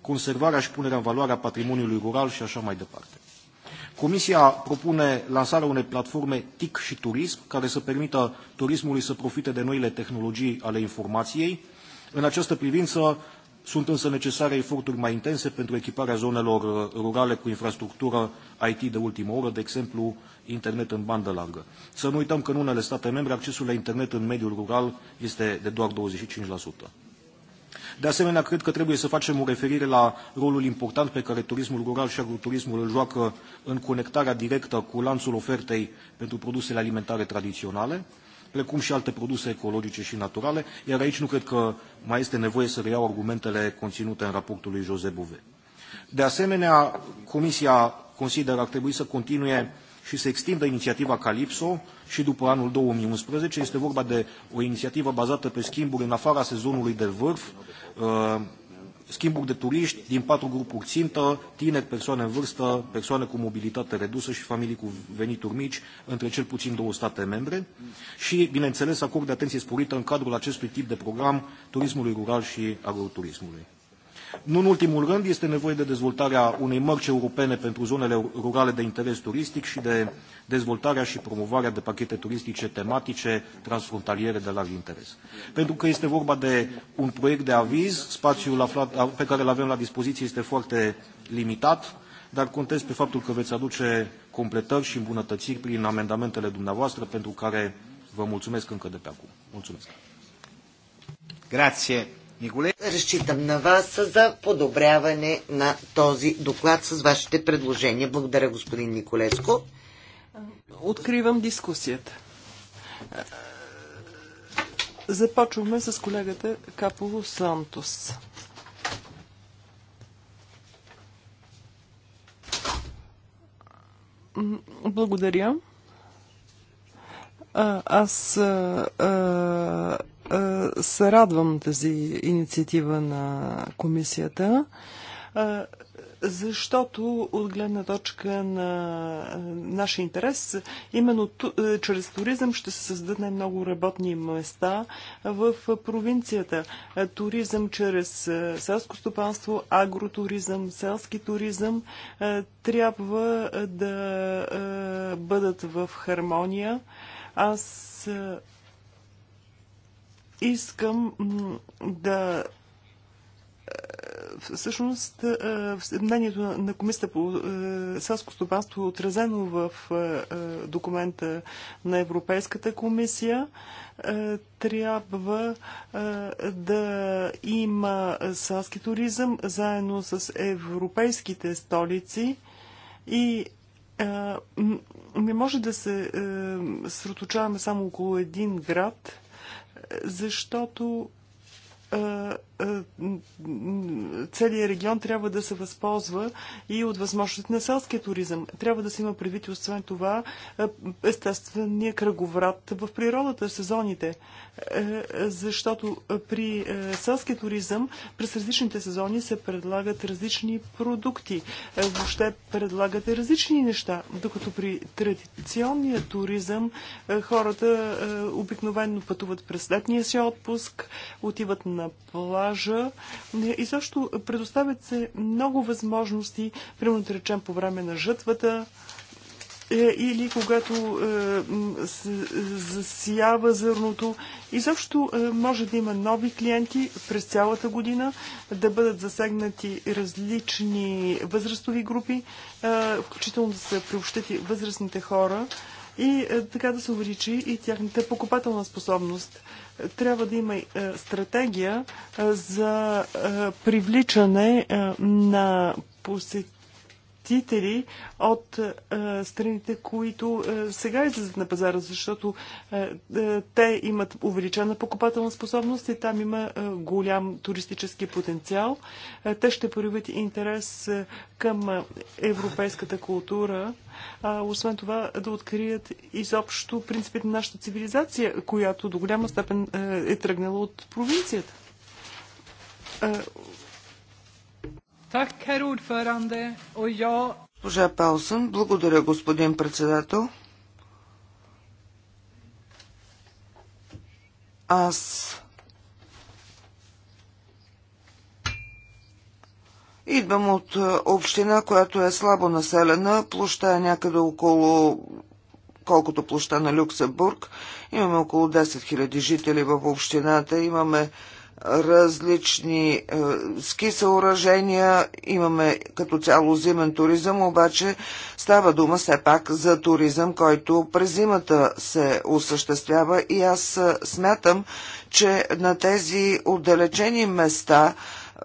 conservarea și punerea în valoare a patrimoniului rural și așa mai departe. Comisia propune lansarea unei platforme TIC și turism, care să permită turismului să profite de noile tehnologii ale informației. În această privință, sunt însă necesare eforturi mai intense pentru echiparea zonelor rurale cu infrastructură IT de ultimă oră, de exemplu internet în bandă largă. Să nu uităm că în unele state membre accesul la internet în mediul rural este de doar 25%. De asemenea, cred că trebuie să facem o referire la rolul important pe care turismul rural și agroturismul îl joacă în conectarea directă cu lanțul ofertei pentru produsele alimentare tradiționale, precum și alte produse ecologice și naturale, iar aici nu cred că mai este nevoie să reiau argumentele conținute în raportul lui Jose Bove. De asemenea, Comisia consideră ar trebui să continue și se extindă inițiativa Calypso și după anul 2011. Este vorba de o inițiativă bazată pe schimburi în afara sezonului de vârf, schimburi de turiști din patru grupuri țintă, tineri, persoane în vârstă, persoane cu mobilitate redusă și familii cu venituri mici între cel puțin două state membre și, bineînțeles, acord de atenție sporită în cadrul acestui tip de program turismului rural și agroturismului. Nu în ultimul rând, este nevoie de dezvoltarea unei mărci europene pentru zonele rurale de interes turistic și de dezvoltarea și promovarea de pachete turistice tematice transfrontaliere de larg interes. Pentru că este vorba de un proiect de aviz, spațiul aflat, pe care îl avem la dispoziție este foarte limitat, dar contez pe faptul că veți aduce completări și îmbunătățiri prin amendamentele dumneavoastră, pentru care vă mulțumesc încă de pe acum. Mulțumesc. Grazie. Николе... Разчитам на вас за подобряване на този доклад с вашите предложения. Благодаря, господин Николеско. Откривам дискусията. Започваме с колегата Капово Сантос. Благодаря. Аз а, а, е, се радвам тази инициатива на комисията, е, защото от гледна точка на е, нашия интерес, именно чрез туризъм ще се създадат най-много работни места в провинцията. Туризъм чрез селско стопанство, агротуризъм, селски туризъм трябва да бъдат в хармония. Аз Искам да е, всъщност е, мнението на комисията по е, селско стопанство е отразено в документа на Европейската комисия. Трябва да има селски туризъм заедно с европейските столици и не може да се сроточаваме само около един град – защото е, целият регион трябва да се възползва и от възможностите на селския туризъм. Трябва да се има предвид и освен това е, естествения кръговрат в природата, в сезоните. Е, защото при селския туризъм през различните сезони се предлагат различни продукти. Въобще предлагате различни неща, докато при традиционния туризъм хората обикновено пътуват през летния си отпуск, отиват на плаж, стажа. И също предоставят се много възможности, примерно да речем по време на жътвата, е, или когато е, засиява зърното. И също е, може да има нови клиенти през цялата година, да бъдат засегнати различни възрастови групи, включително да се приобщат и възрастните хора и е, така да се увеличи и тяхната покупателна способност. Трябва да има е, стратегия е, за привличане на посетителите посетители от е, страните, които е, сега излизат на пазара, защото е, те имат увеличена покупателна способност и там има голям туристически потенциал. Те ще проявят интерес към европейската култура, а освен това да открият изобщо принципите на нашата цивилизация, която до голяма степен е тръгнала от провинцията Госпожа Паусън, благодаря, господин председател. Аз идвам от е, община, която е слабо населена. Площа е някъде около колкото площа на Люксембург. Имаме около 10 000 жители в общината. Имаме различни е, ски съоръжения, имаме като цяло зимен туризъм, обаче става дума все пак за туризъм, който през зимата се осъществява и аз е, смятам, че на тези отдалечени места е,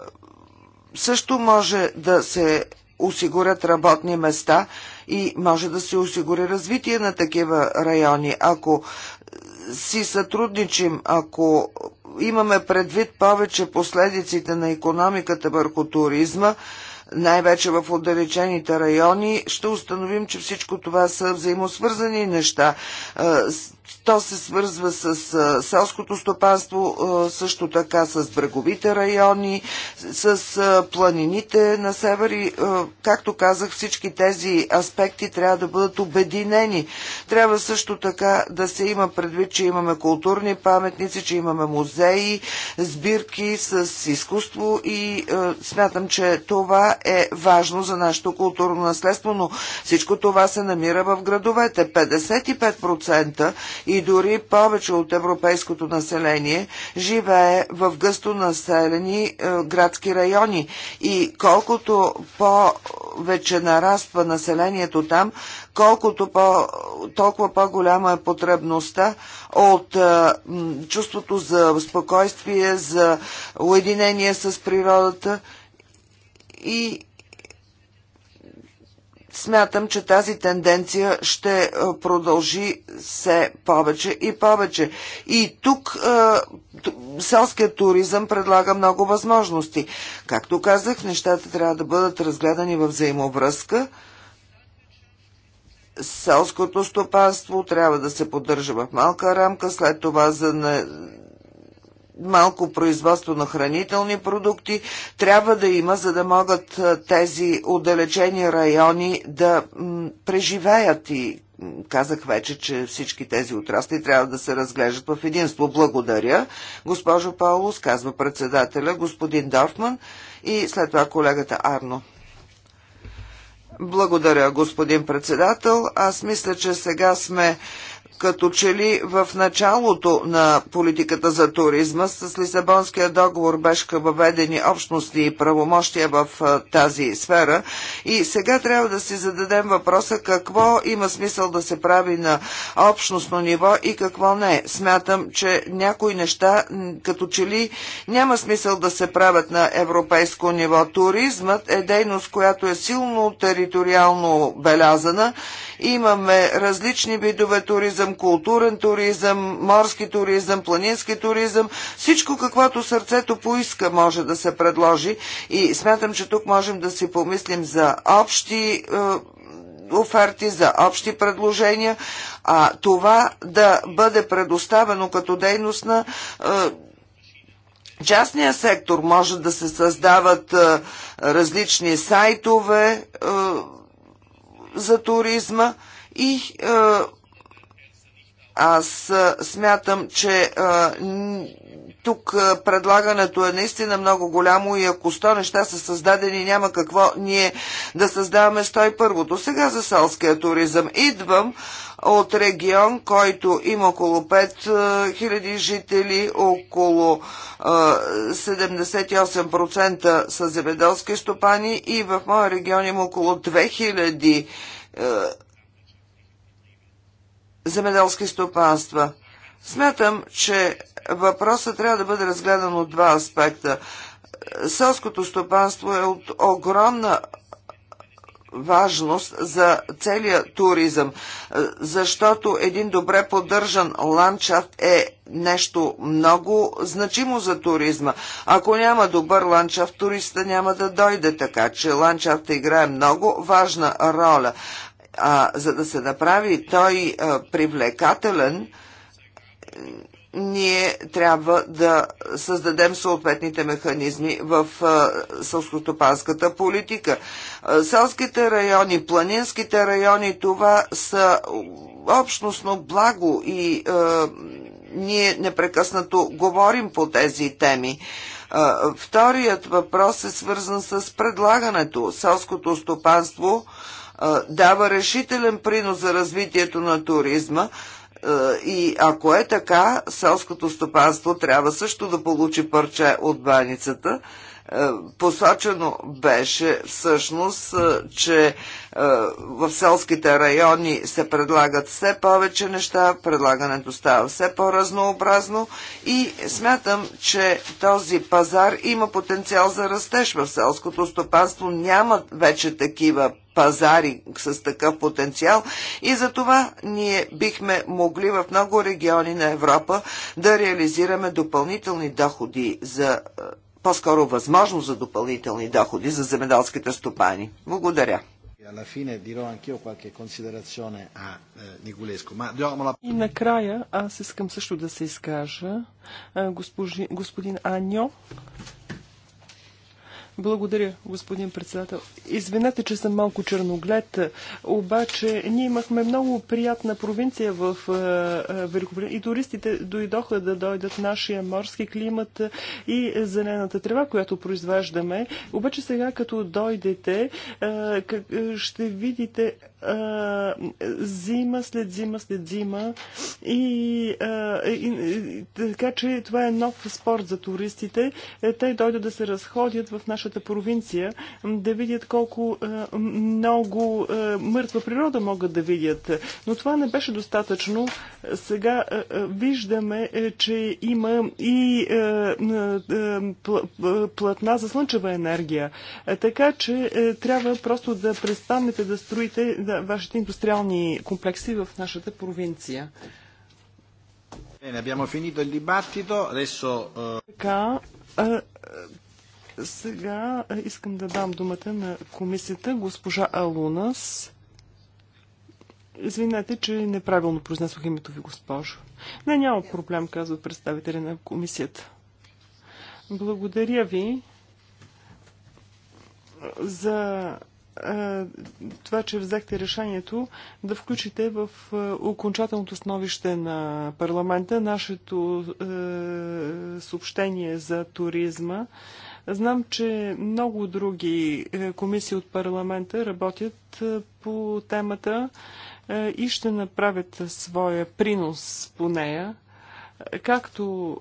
също може да се осигурят работни места и може да се осигури развитие на такива райони. Ако си сътрудничим, ако имаме предвид повече последиците на економиката върху туризма, най-вече в отдалечените райони, ще установим, че всичко това са взаимосвързани неща. То се свързва с селското стопанство, също така с бреговите райони, с планините на север и, както казах, всички тези аспекти трябва да бъдат обединени. Трябва също така да се има предвид, че имаме културни паметници, че имаме музеи, сбирки с изкуство и смятам, че това е важно за нашето културно наследство, но всичко това се намира в градовете. 55% и дори повече от европейското население живее в гъсто населени е, градски райони. И колкото повече нараства населението там, колкото по, толкова по-голяма е потребността от е, чувството за спокойствие, за уединение с природата и Смятам, че тази тенденция ще е, продължи все повече и повече. И тук е, селският туризъм предлага много възможности. Както казах, нещата трябва да бъдат разгледани във взаимовръзка. Селското стопанство трябва да се поддържа в малка рамка, след това за малко производство на хранителни продукти трябва да има, за да могат тези отдалечени райони да преживеят и казах вече, че всички тези отрасли трябва да се разглеждат в единство. Благодаря, госпожо Паулус, казва председателя, господин Дорфман и след това колегата Арно. Благодаря, господин председател. Аз мисля, че сега сме като че ли в началото на политиката за туризма с Лисабонския договор беше въведени общности и правомощия в тази сфера и сега трябва да си зададем въпроса какво има смисъл да се прави на общностно ниво и какво не. Смятам, че някои неща като че ли няма смисъл да се правят на европейско ниво. Туризмът е дейност, която е силно териториално белязана. Имаме различни видове туризъм, туризъм, културен туризъм, морски туризъм, планински туризъм, всичко каквото сърцето поиска може да се предложи и смятам, че тук можем да си помислим за общи е, оферти, за общи предложения, а това да бъде предоставено като дейност на е, частния сектор. Може да се създават е, различни сайтове за туризма и аз смятам, че а, тук предлагането е наистина много голямо и ако 100 неща са създадени, няма какво ние да създаваме 101-то. Сега за селския туризъм. Идвам от регион, който има около 5000 жители, около 78% са земеделски стопани и в моя регион има около 2000 жители земеделски стопанства. Смятам, че въпросът трябва да бъде разгледан от два аспекта. Селското стопанство е от огромна важност за целия туризъм, защото един добре поддържан ландшафт е нещо много значимо за туризма. Ако няма добър ландшафт, туриста няма да дойде, така че ландшафта играе много важна роля. А за да се направи той привлекателен, ние трябва да създадем съответните механизми в сълскостопанската политика. Селските райони, планинските райони, това са общностно благо и е, ние непрекъснато говорим по тези теми. Е, вторият въпрос е свързан с предлагането. Селското стопанство е, дава решителен принос за развитието на туризма. И ако е така, селското стопанство трябва също да получи парче от баницата. Посочено беше всъщност, че в селските райони се предлагат все повече неща, предлагането става все по-разнообразно и смятам, че този пазар има потенциал за растеж в селското стопанство. Няма вече такива пазари с такъв потенциал и за това ние бихме могли в много региони на Европа да реализираме допълнителни доходи за е, по-скоро възможност за допълнителни доходи за земеделските стопани. Благодаря. Eh, и накрая аз искам също да се изкажа. Е, госпожи, господин Аньо. Благодаря, господин председател. Извинете, че съм малко черноглед, обаче ние имахме много приятна провинция в е, е, Великобритания и туристите дойдоха да дойдат нашия морски климат и зелената трева, която произваждаме. Обаче сега, като дойдете, е, ще видите а, зима след зима след зима. И, а, и, и, така че това е нов спорт за туристите. Е, те дойдат да се разходят в нашата провинция, да видят колко а, много а, мъртва природа могат да видят. Но това не беше достатъчно. Сега а, а, виждаме, а, е, че има и а, а, платна за слънчева енергия. А, е, така че а, трябва просто да престанете да строите да, вашите индустриални комплекси в нашата провинция. Bene, abbiamo finito il dibattito, adesso... Eh, така, а, сега искам да дам думата на комисията госпожа Алунас. Извинете, че неправилно произнесох името ви, госпожо. Не, няма проблем, казва представителя на комисията. Благодаря ви за това, че взехте решението да включите в окончателното становище на парламента нашето съобщение за туризма. Знам, че много други е, комисии от парламента работят е, по темата е, и ще направят своя принос по нея, както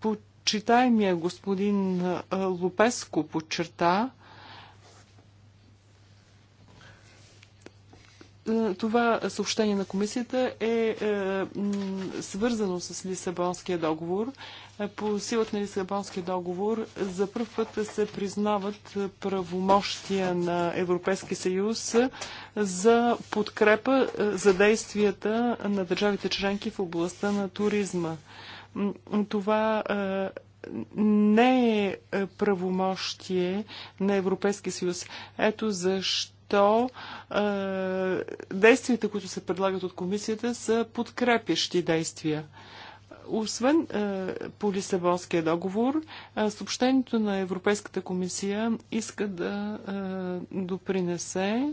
почитаемия господин Лупеско подчерта, това съобщение на комисията е, е свързано с Лисабонския договор. Е, по силата на Лисабонския договор за първ път се признават правомощия на Европейския съюз за подкрепа е, за действията на държавите членки в областта на туризма. Това не е правомощие на Европейския съюз. Ето защо то е, действията, които се предлагат от комисията, са подкрепящи действия. Освен е, по Лисабонския договор, е, съобщението на Европейската комисия иска да е, допринесе е,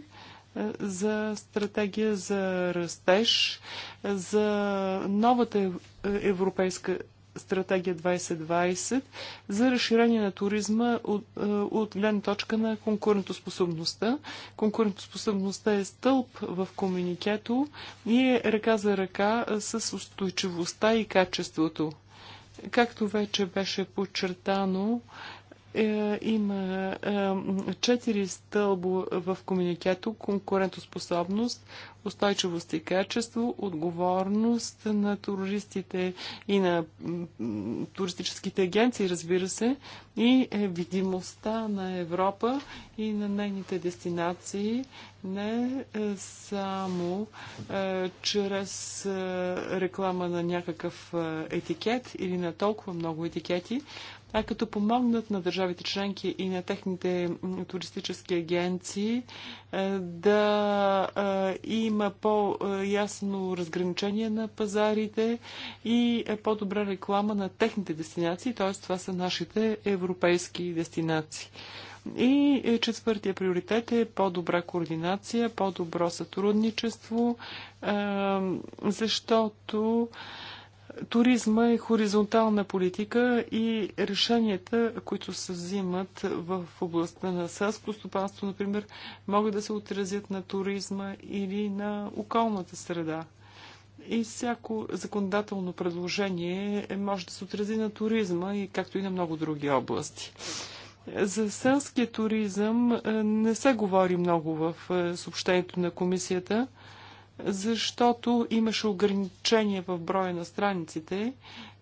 за стратегия за растеж, е, за новата е, европейска стратегия 2020 за разширение на туризма от, е, от гледна точка на конкурентоспособността. Конкурентоспособността е стълб в комуникето и е ръка за ръка е, с устойчивостта и качеството. Както вече беше подчертано, е, има е, четири стълбо в комуникето конкурентоспособност, устойчивост и качество, отговорност на туристите и на туристическите агенции, разбира се, и е, видимостта на Европа и на нейните дестинации не само е, чрез е, реклама на някакъв етикет или на толкова много етикети, а като помогнат на държавите членки и на техните туристически агенции е, да е, има по-ясно разграничение на пазарите и по-добра реклама на техните дестинации, т.е. това са нашите европейски дестинации. И е, четвъртия приоритет е по-добра координация, по-добро сътрудничество, защото Туризма е хоризонтална политика и решенията, които се взимат в областта на селско стопанство, например, могат да се отразят на туризма или на околната среда. И всяко законодателно предложение може да се отрази на туризма и както и на много други области. За селския туризъм е, не се говори много в е, съобщението на комисията – защото имаше ограничение в броя на страниците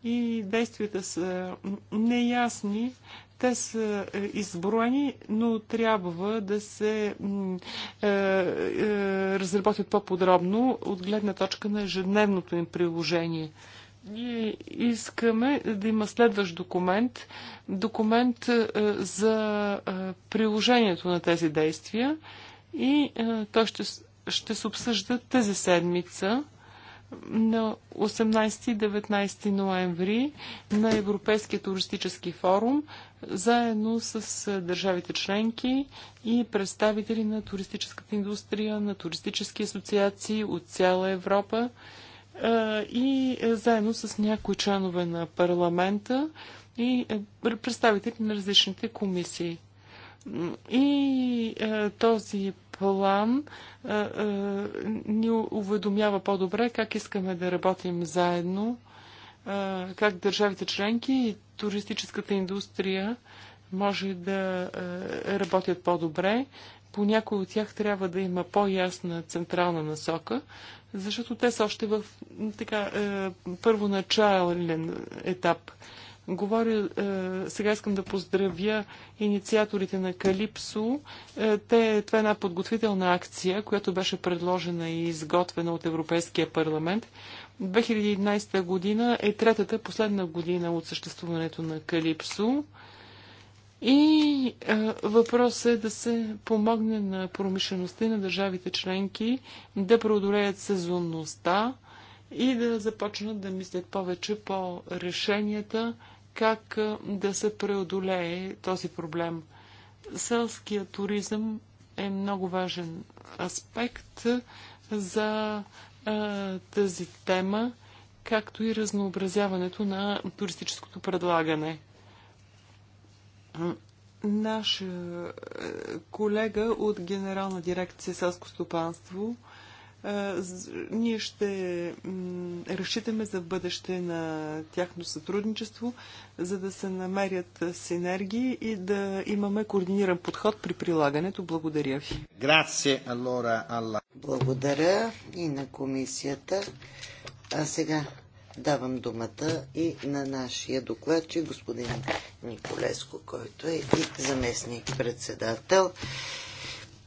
и действията са неясни. Те са е, изброени, но трябва да се е, е, разработят по-подробно от гледна точка на ежедневното им приложение. Ние искаме да има следващ документ, документ е, за е, приложението на тези действия и той ще ще се обсъждат тази седмица на 18 и 19 ноември на Европейския туристически форум, заедно с държавите членки и представители на туристическата индустрия, на туристически асоциации от цяла Европа и заедно с някои членове на парламента и представители на различните комисии. И този план а, а, ни уведомява по-добре как искаме да работим заедно, а, как държавите членки и туристическата индустрия може да а, работят по-добре. По някои от тях трябва да има по-ясна централна насока, защото те са още в така, първоначален етап. Говоря, е, сега искам да поздравя инициаторите на Калипсо. Е, те, това е една подготвителна акция, която беше предложена и изготвена от Европейския парламент. 2011 година е третата, последна година от съществуването на Калипсо. И е, въпросът е да се помогне на промишлеността и на държавите членки да преодолеят сезонността и да започнат да мислят повече по решенията как да се преодолее този проблем. Селският туризъм е много важен аспект за а, тази тема, както и разнообразяването на туристическото предлагане. Наш колега от Генерална дирекция селско стопанство ние ще разчитаме за бъдеще на тяхно сътрудничество, за да се намерят синергии и да имаме координиран подход при прилагането. Благодаря ви. Благодаря и на комисията. А сега давам думата и на нашия докладчик, господин Николеско, който е и заместник председател.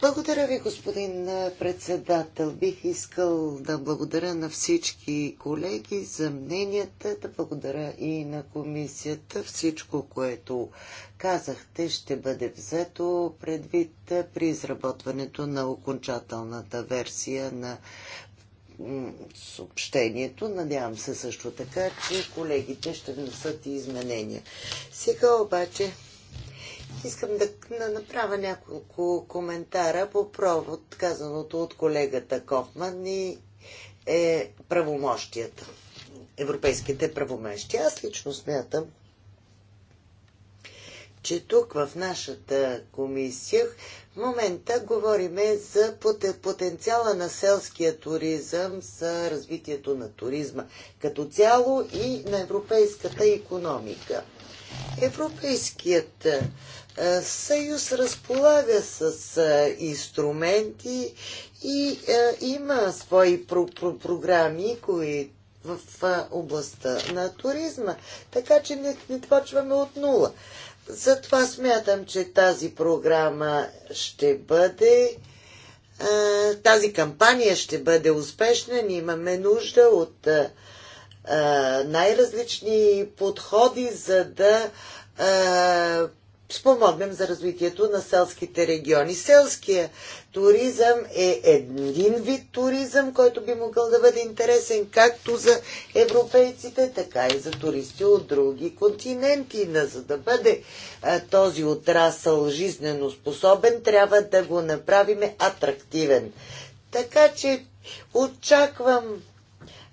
Благодаря ви, господин председател. Бих искал да благодаря на всички колеги за мненията, да благодаря и на комисията. Всичко, което казахте, ще бъде взето предвид при изработването на окончателната версия на съобщението. Надявам се също така, че колегите ще внесат и изменения. Сега обаче искам да направя няколко коментара по провод, казаното от колегата Кофман и е правомощията. Европейските правомощия. Аз лично смятам, че тук в нашата комисия в момента говориме за потенциала на селския туризъм, за развитието на туризма като цяло и на европейската економика. Европейският е, съюз разполага с е, инструменти и е, има свои про про програми, които в областта на туризма. Така че не, не почваме от нула. Затова смятам, че тази програма ще бъде, тази кампания ще бъде успешна. Ние имаме нужда от най-различни подходи, за да спомогнем за развитието на селските региони. Селския туризъм е един вид туризъм, който би могъл да бъде интересен както за европейците, така и за туристи от други континенти. Но за да бъде а, този отрасъл жизнено способен, трябва да го направим атрактивен. Така че очаквам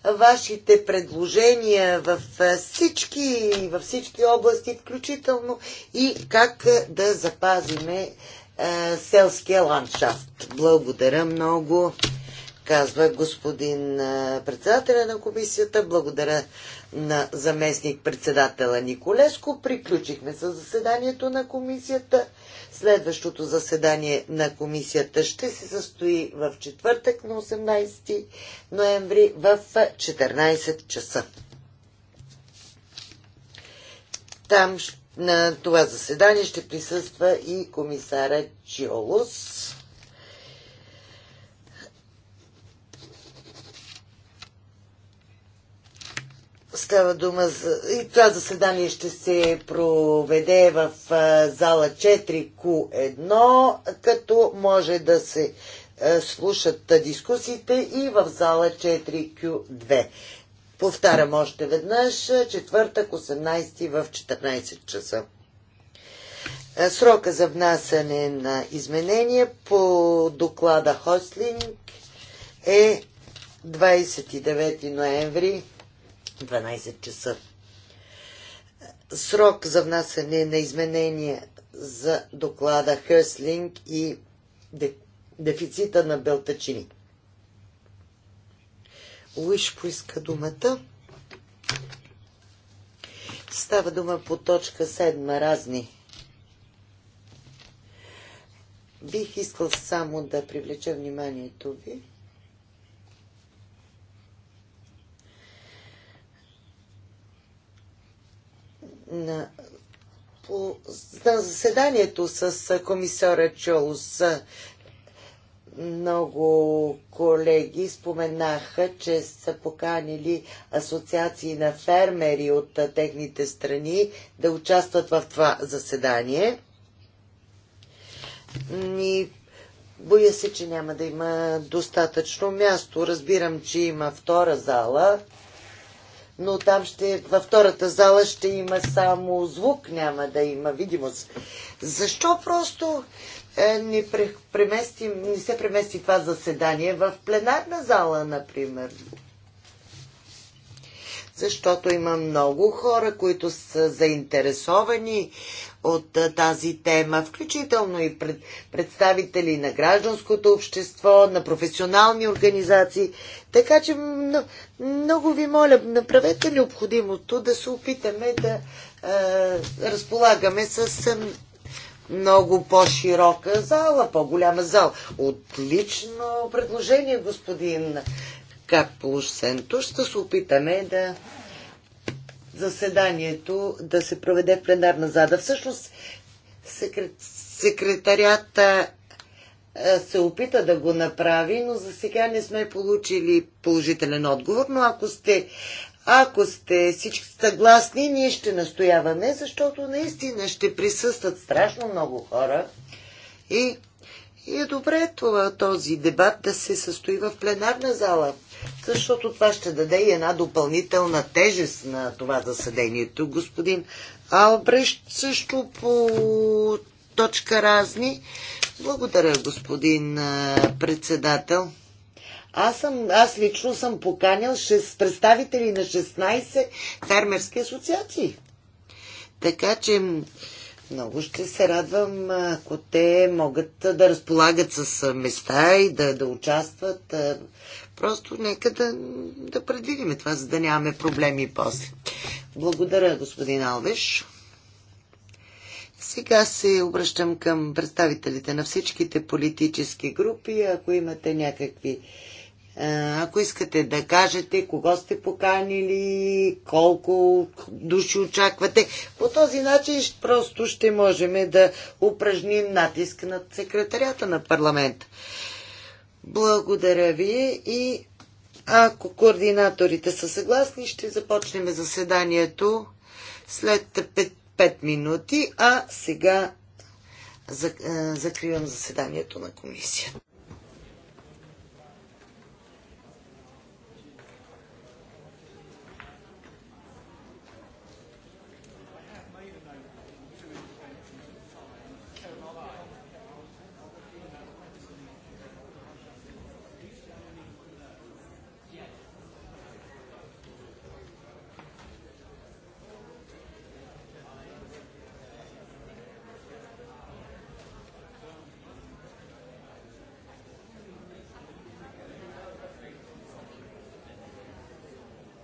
вашите предложения във всички, във всички области, включително и как да запазиме селския ландшафт. Благодаря много, казва господин председателя на комисията. Благодаря на заместник председателя Николеско. Приключихме с заседанието на комисията. Следващото заседание на комисията ще се състои в четвъртък на 18 ноември в 14 часа. Там на това заседание ще присъства и комисара Чиолус. Става дума за... И това заседание ще се проведе в зала 4Q1, като може да се слушат дискусиите и в зала 4Q2. Повтарям още веднъж, четвъртък, 18 в 14 часа. Срока за внасяне на изменения по доклада Хослинг е 29 ноември 12 часа. Срок за внасяне на изменения за доклада Хърслинг и дефицита на белтачини. Луиш поиска думата. Става дума по точка 7. Разни. Бих искал само да привлеча вниманието ви на заседанието с комисора Чолус. Много колеги споменаха, че са поканили асоциации на фермери от техните страни да участват в това заседание. И боя се, че няма да има достатъчно място. Разбирам, че има втора зала но там ще, във втората зала ще има само звук, няма да има видимост. Защо просто е, не, премести, не се премести това заседание в пленарна зала, например? Защото има много хора, които са заинтересовани от тази тема, включително и пред, представители на гражданското общество, на професионални организации. Така че много ви моля, направете необходимото да се опитаме да е, разполагаме с много по-широка зала, по-голяма зала. Отлично предложение, господин Капуш Сентуш. Ще се опитаме да заседанието да се проведе в пленарна зада. Всъщност, секрет, секретарията е, се опита да го направи, но за сега не сме получили положителен отговор, но ако сте ако сте всички съгласни, ние ще настояваме, защото наистина ще присъстват страшно много хора и, и е добре това, този дебат да се състои в пленарна зала защото това ще даде и една допълнителна тежест на това заседението. Господин Албрещ също по точка разни. Благодаря, господин председател. Аз, съм, аз лично съм поканял шест, представители на 16 фермерски асоциации. Така че много ще се радвам, ако те могат да разполагат с места и да, да участват Просто нека да, да предвидим това, за да нямаме проблеми после. Благодаря, господин Алвеш. Сега се обръщам към представителите на всичките политически групи. Ако имате някакви ако искате да кажете кого сте поканили, колко души очаквате, по този начин просто ще можем да упражним натиск над секретарята на парламента. Благодаря ви и ако координаторите са съгласни, ще започнем заседанието след 5, 5 минути, а сега е, закривам заседанието на комисията.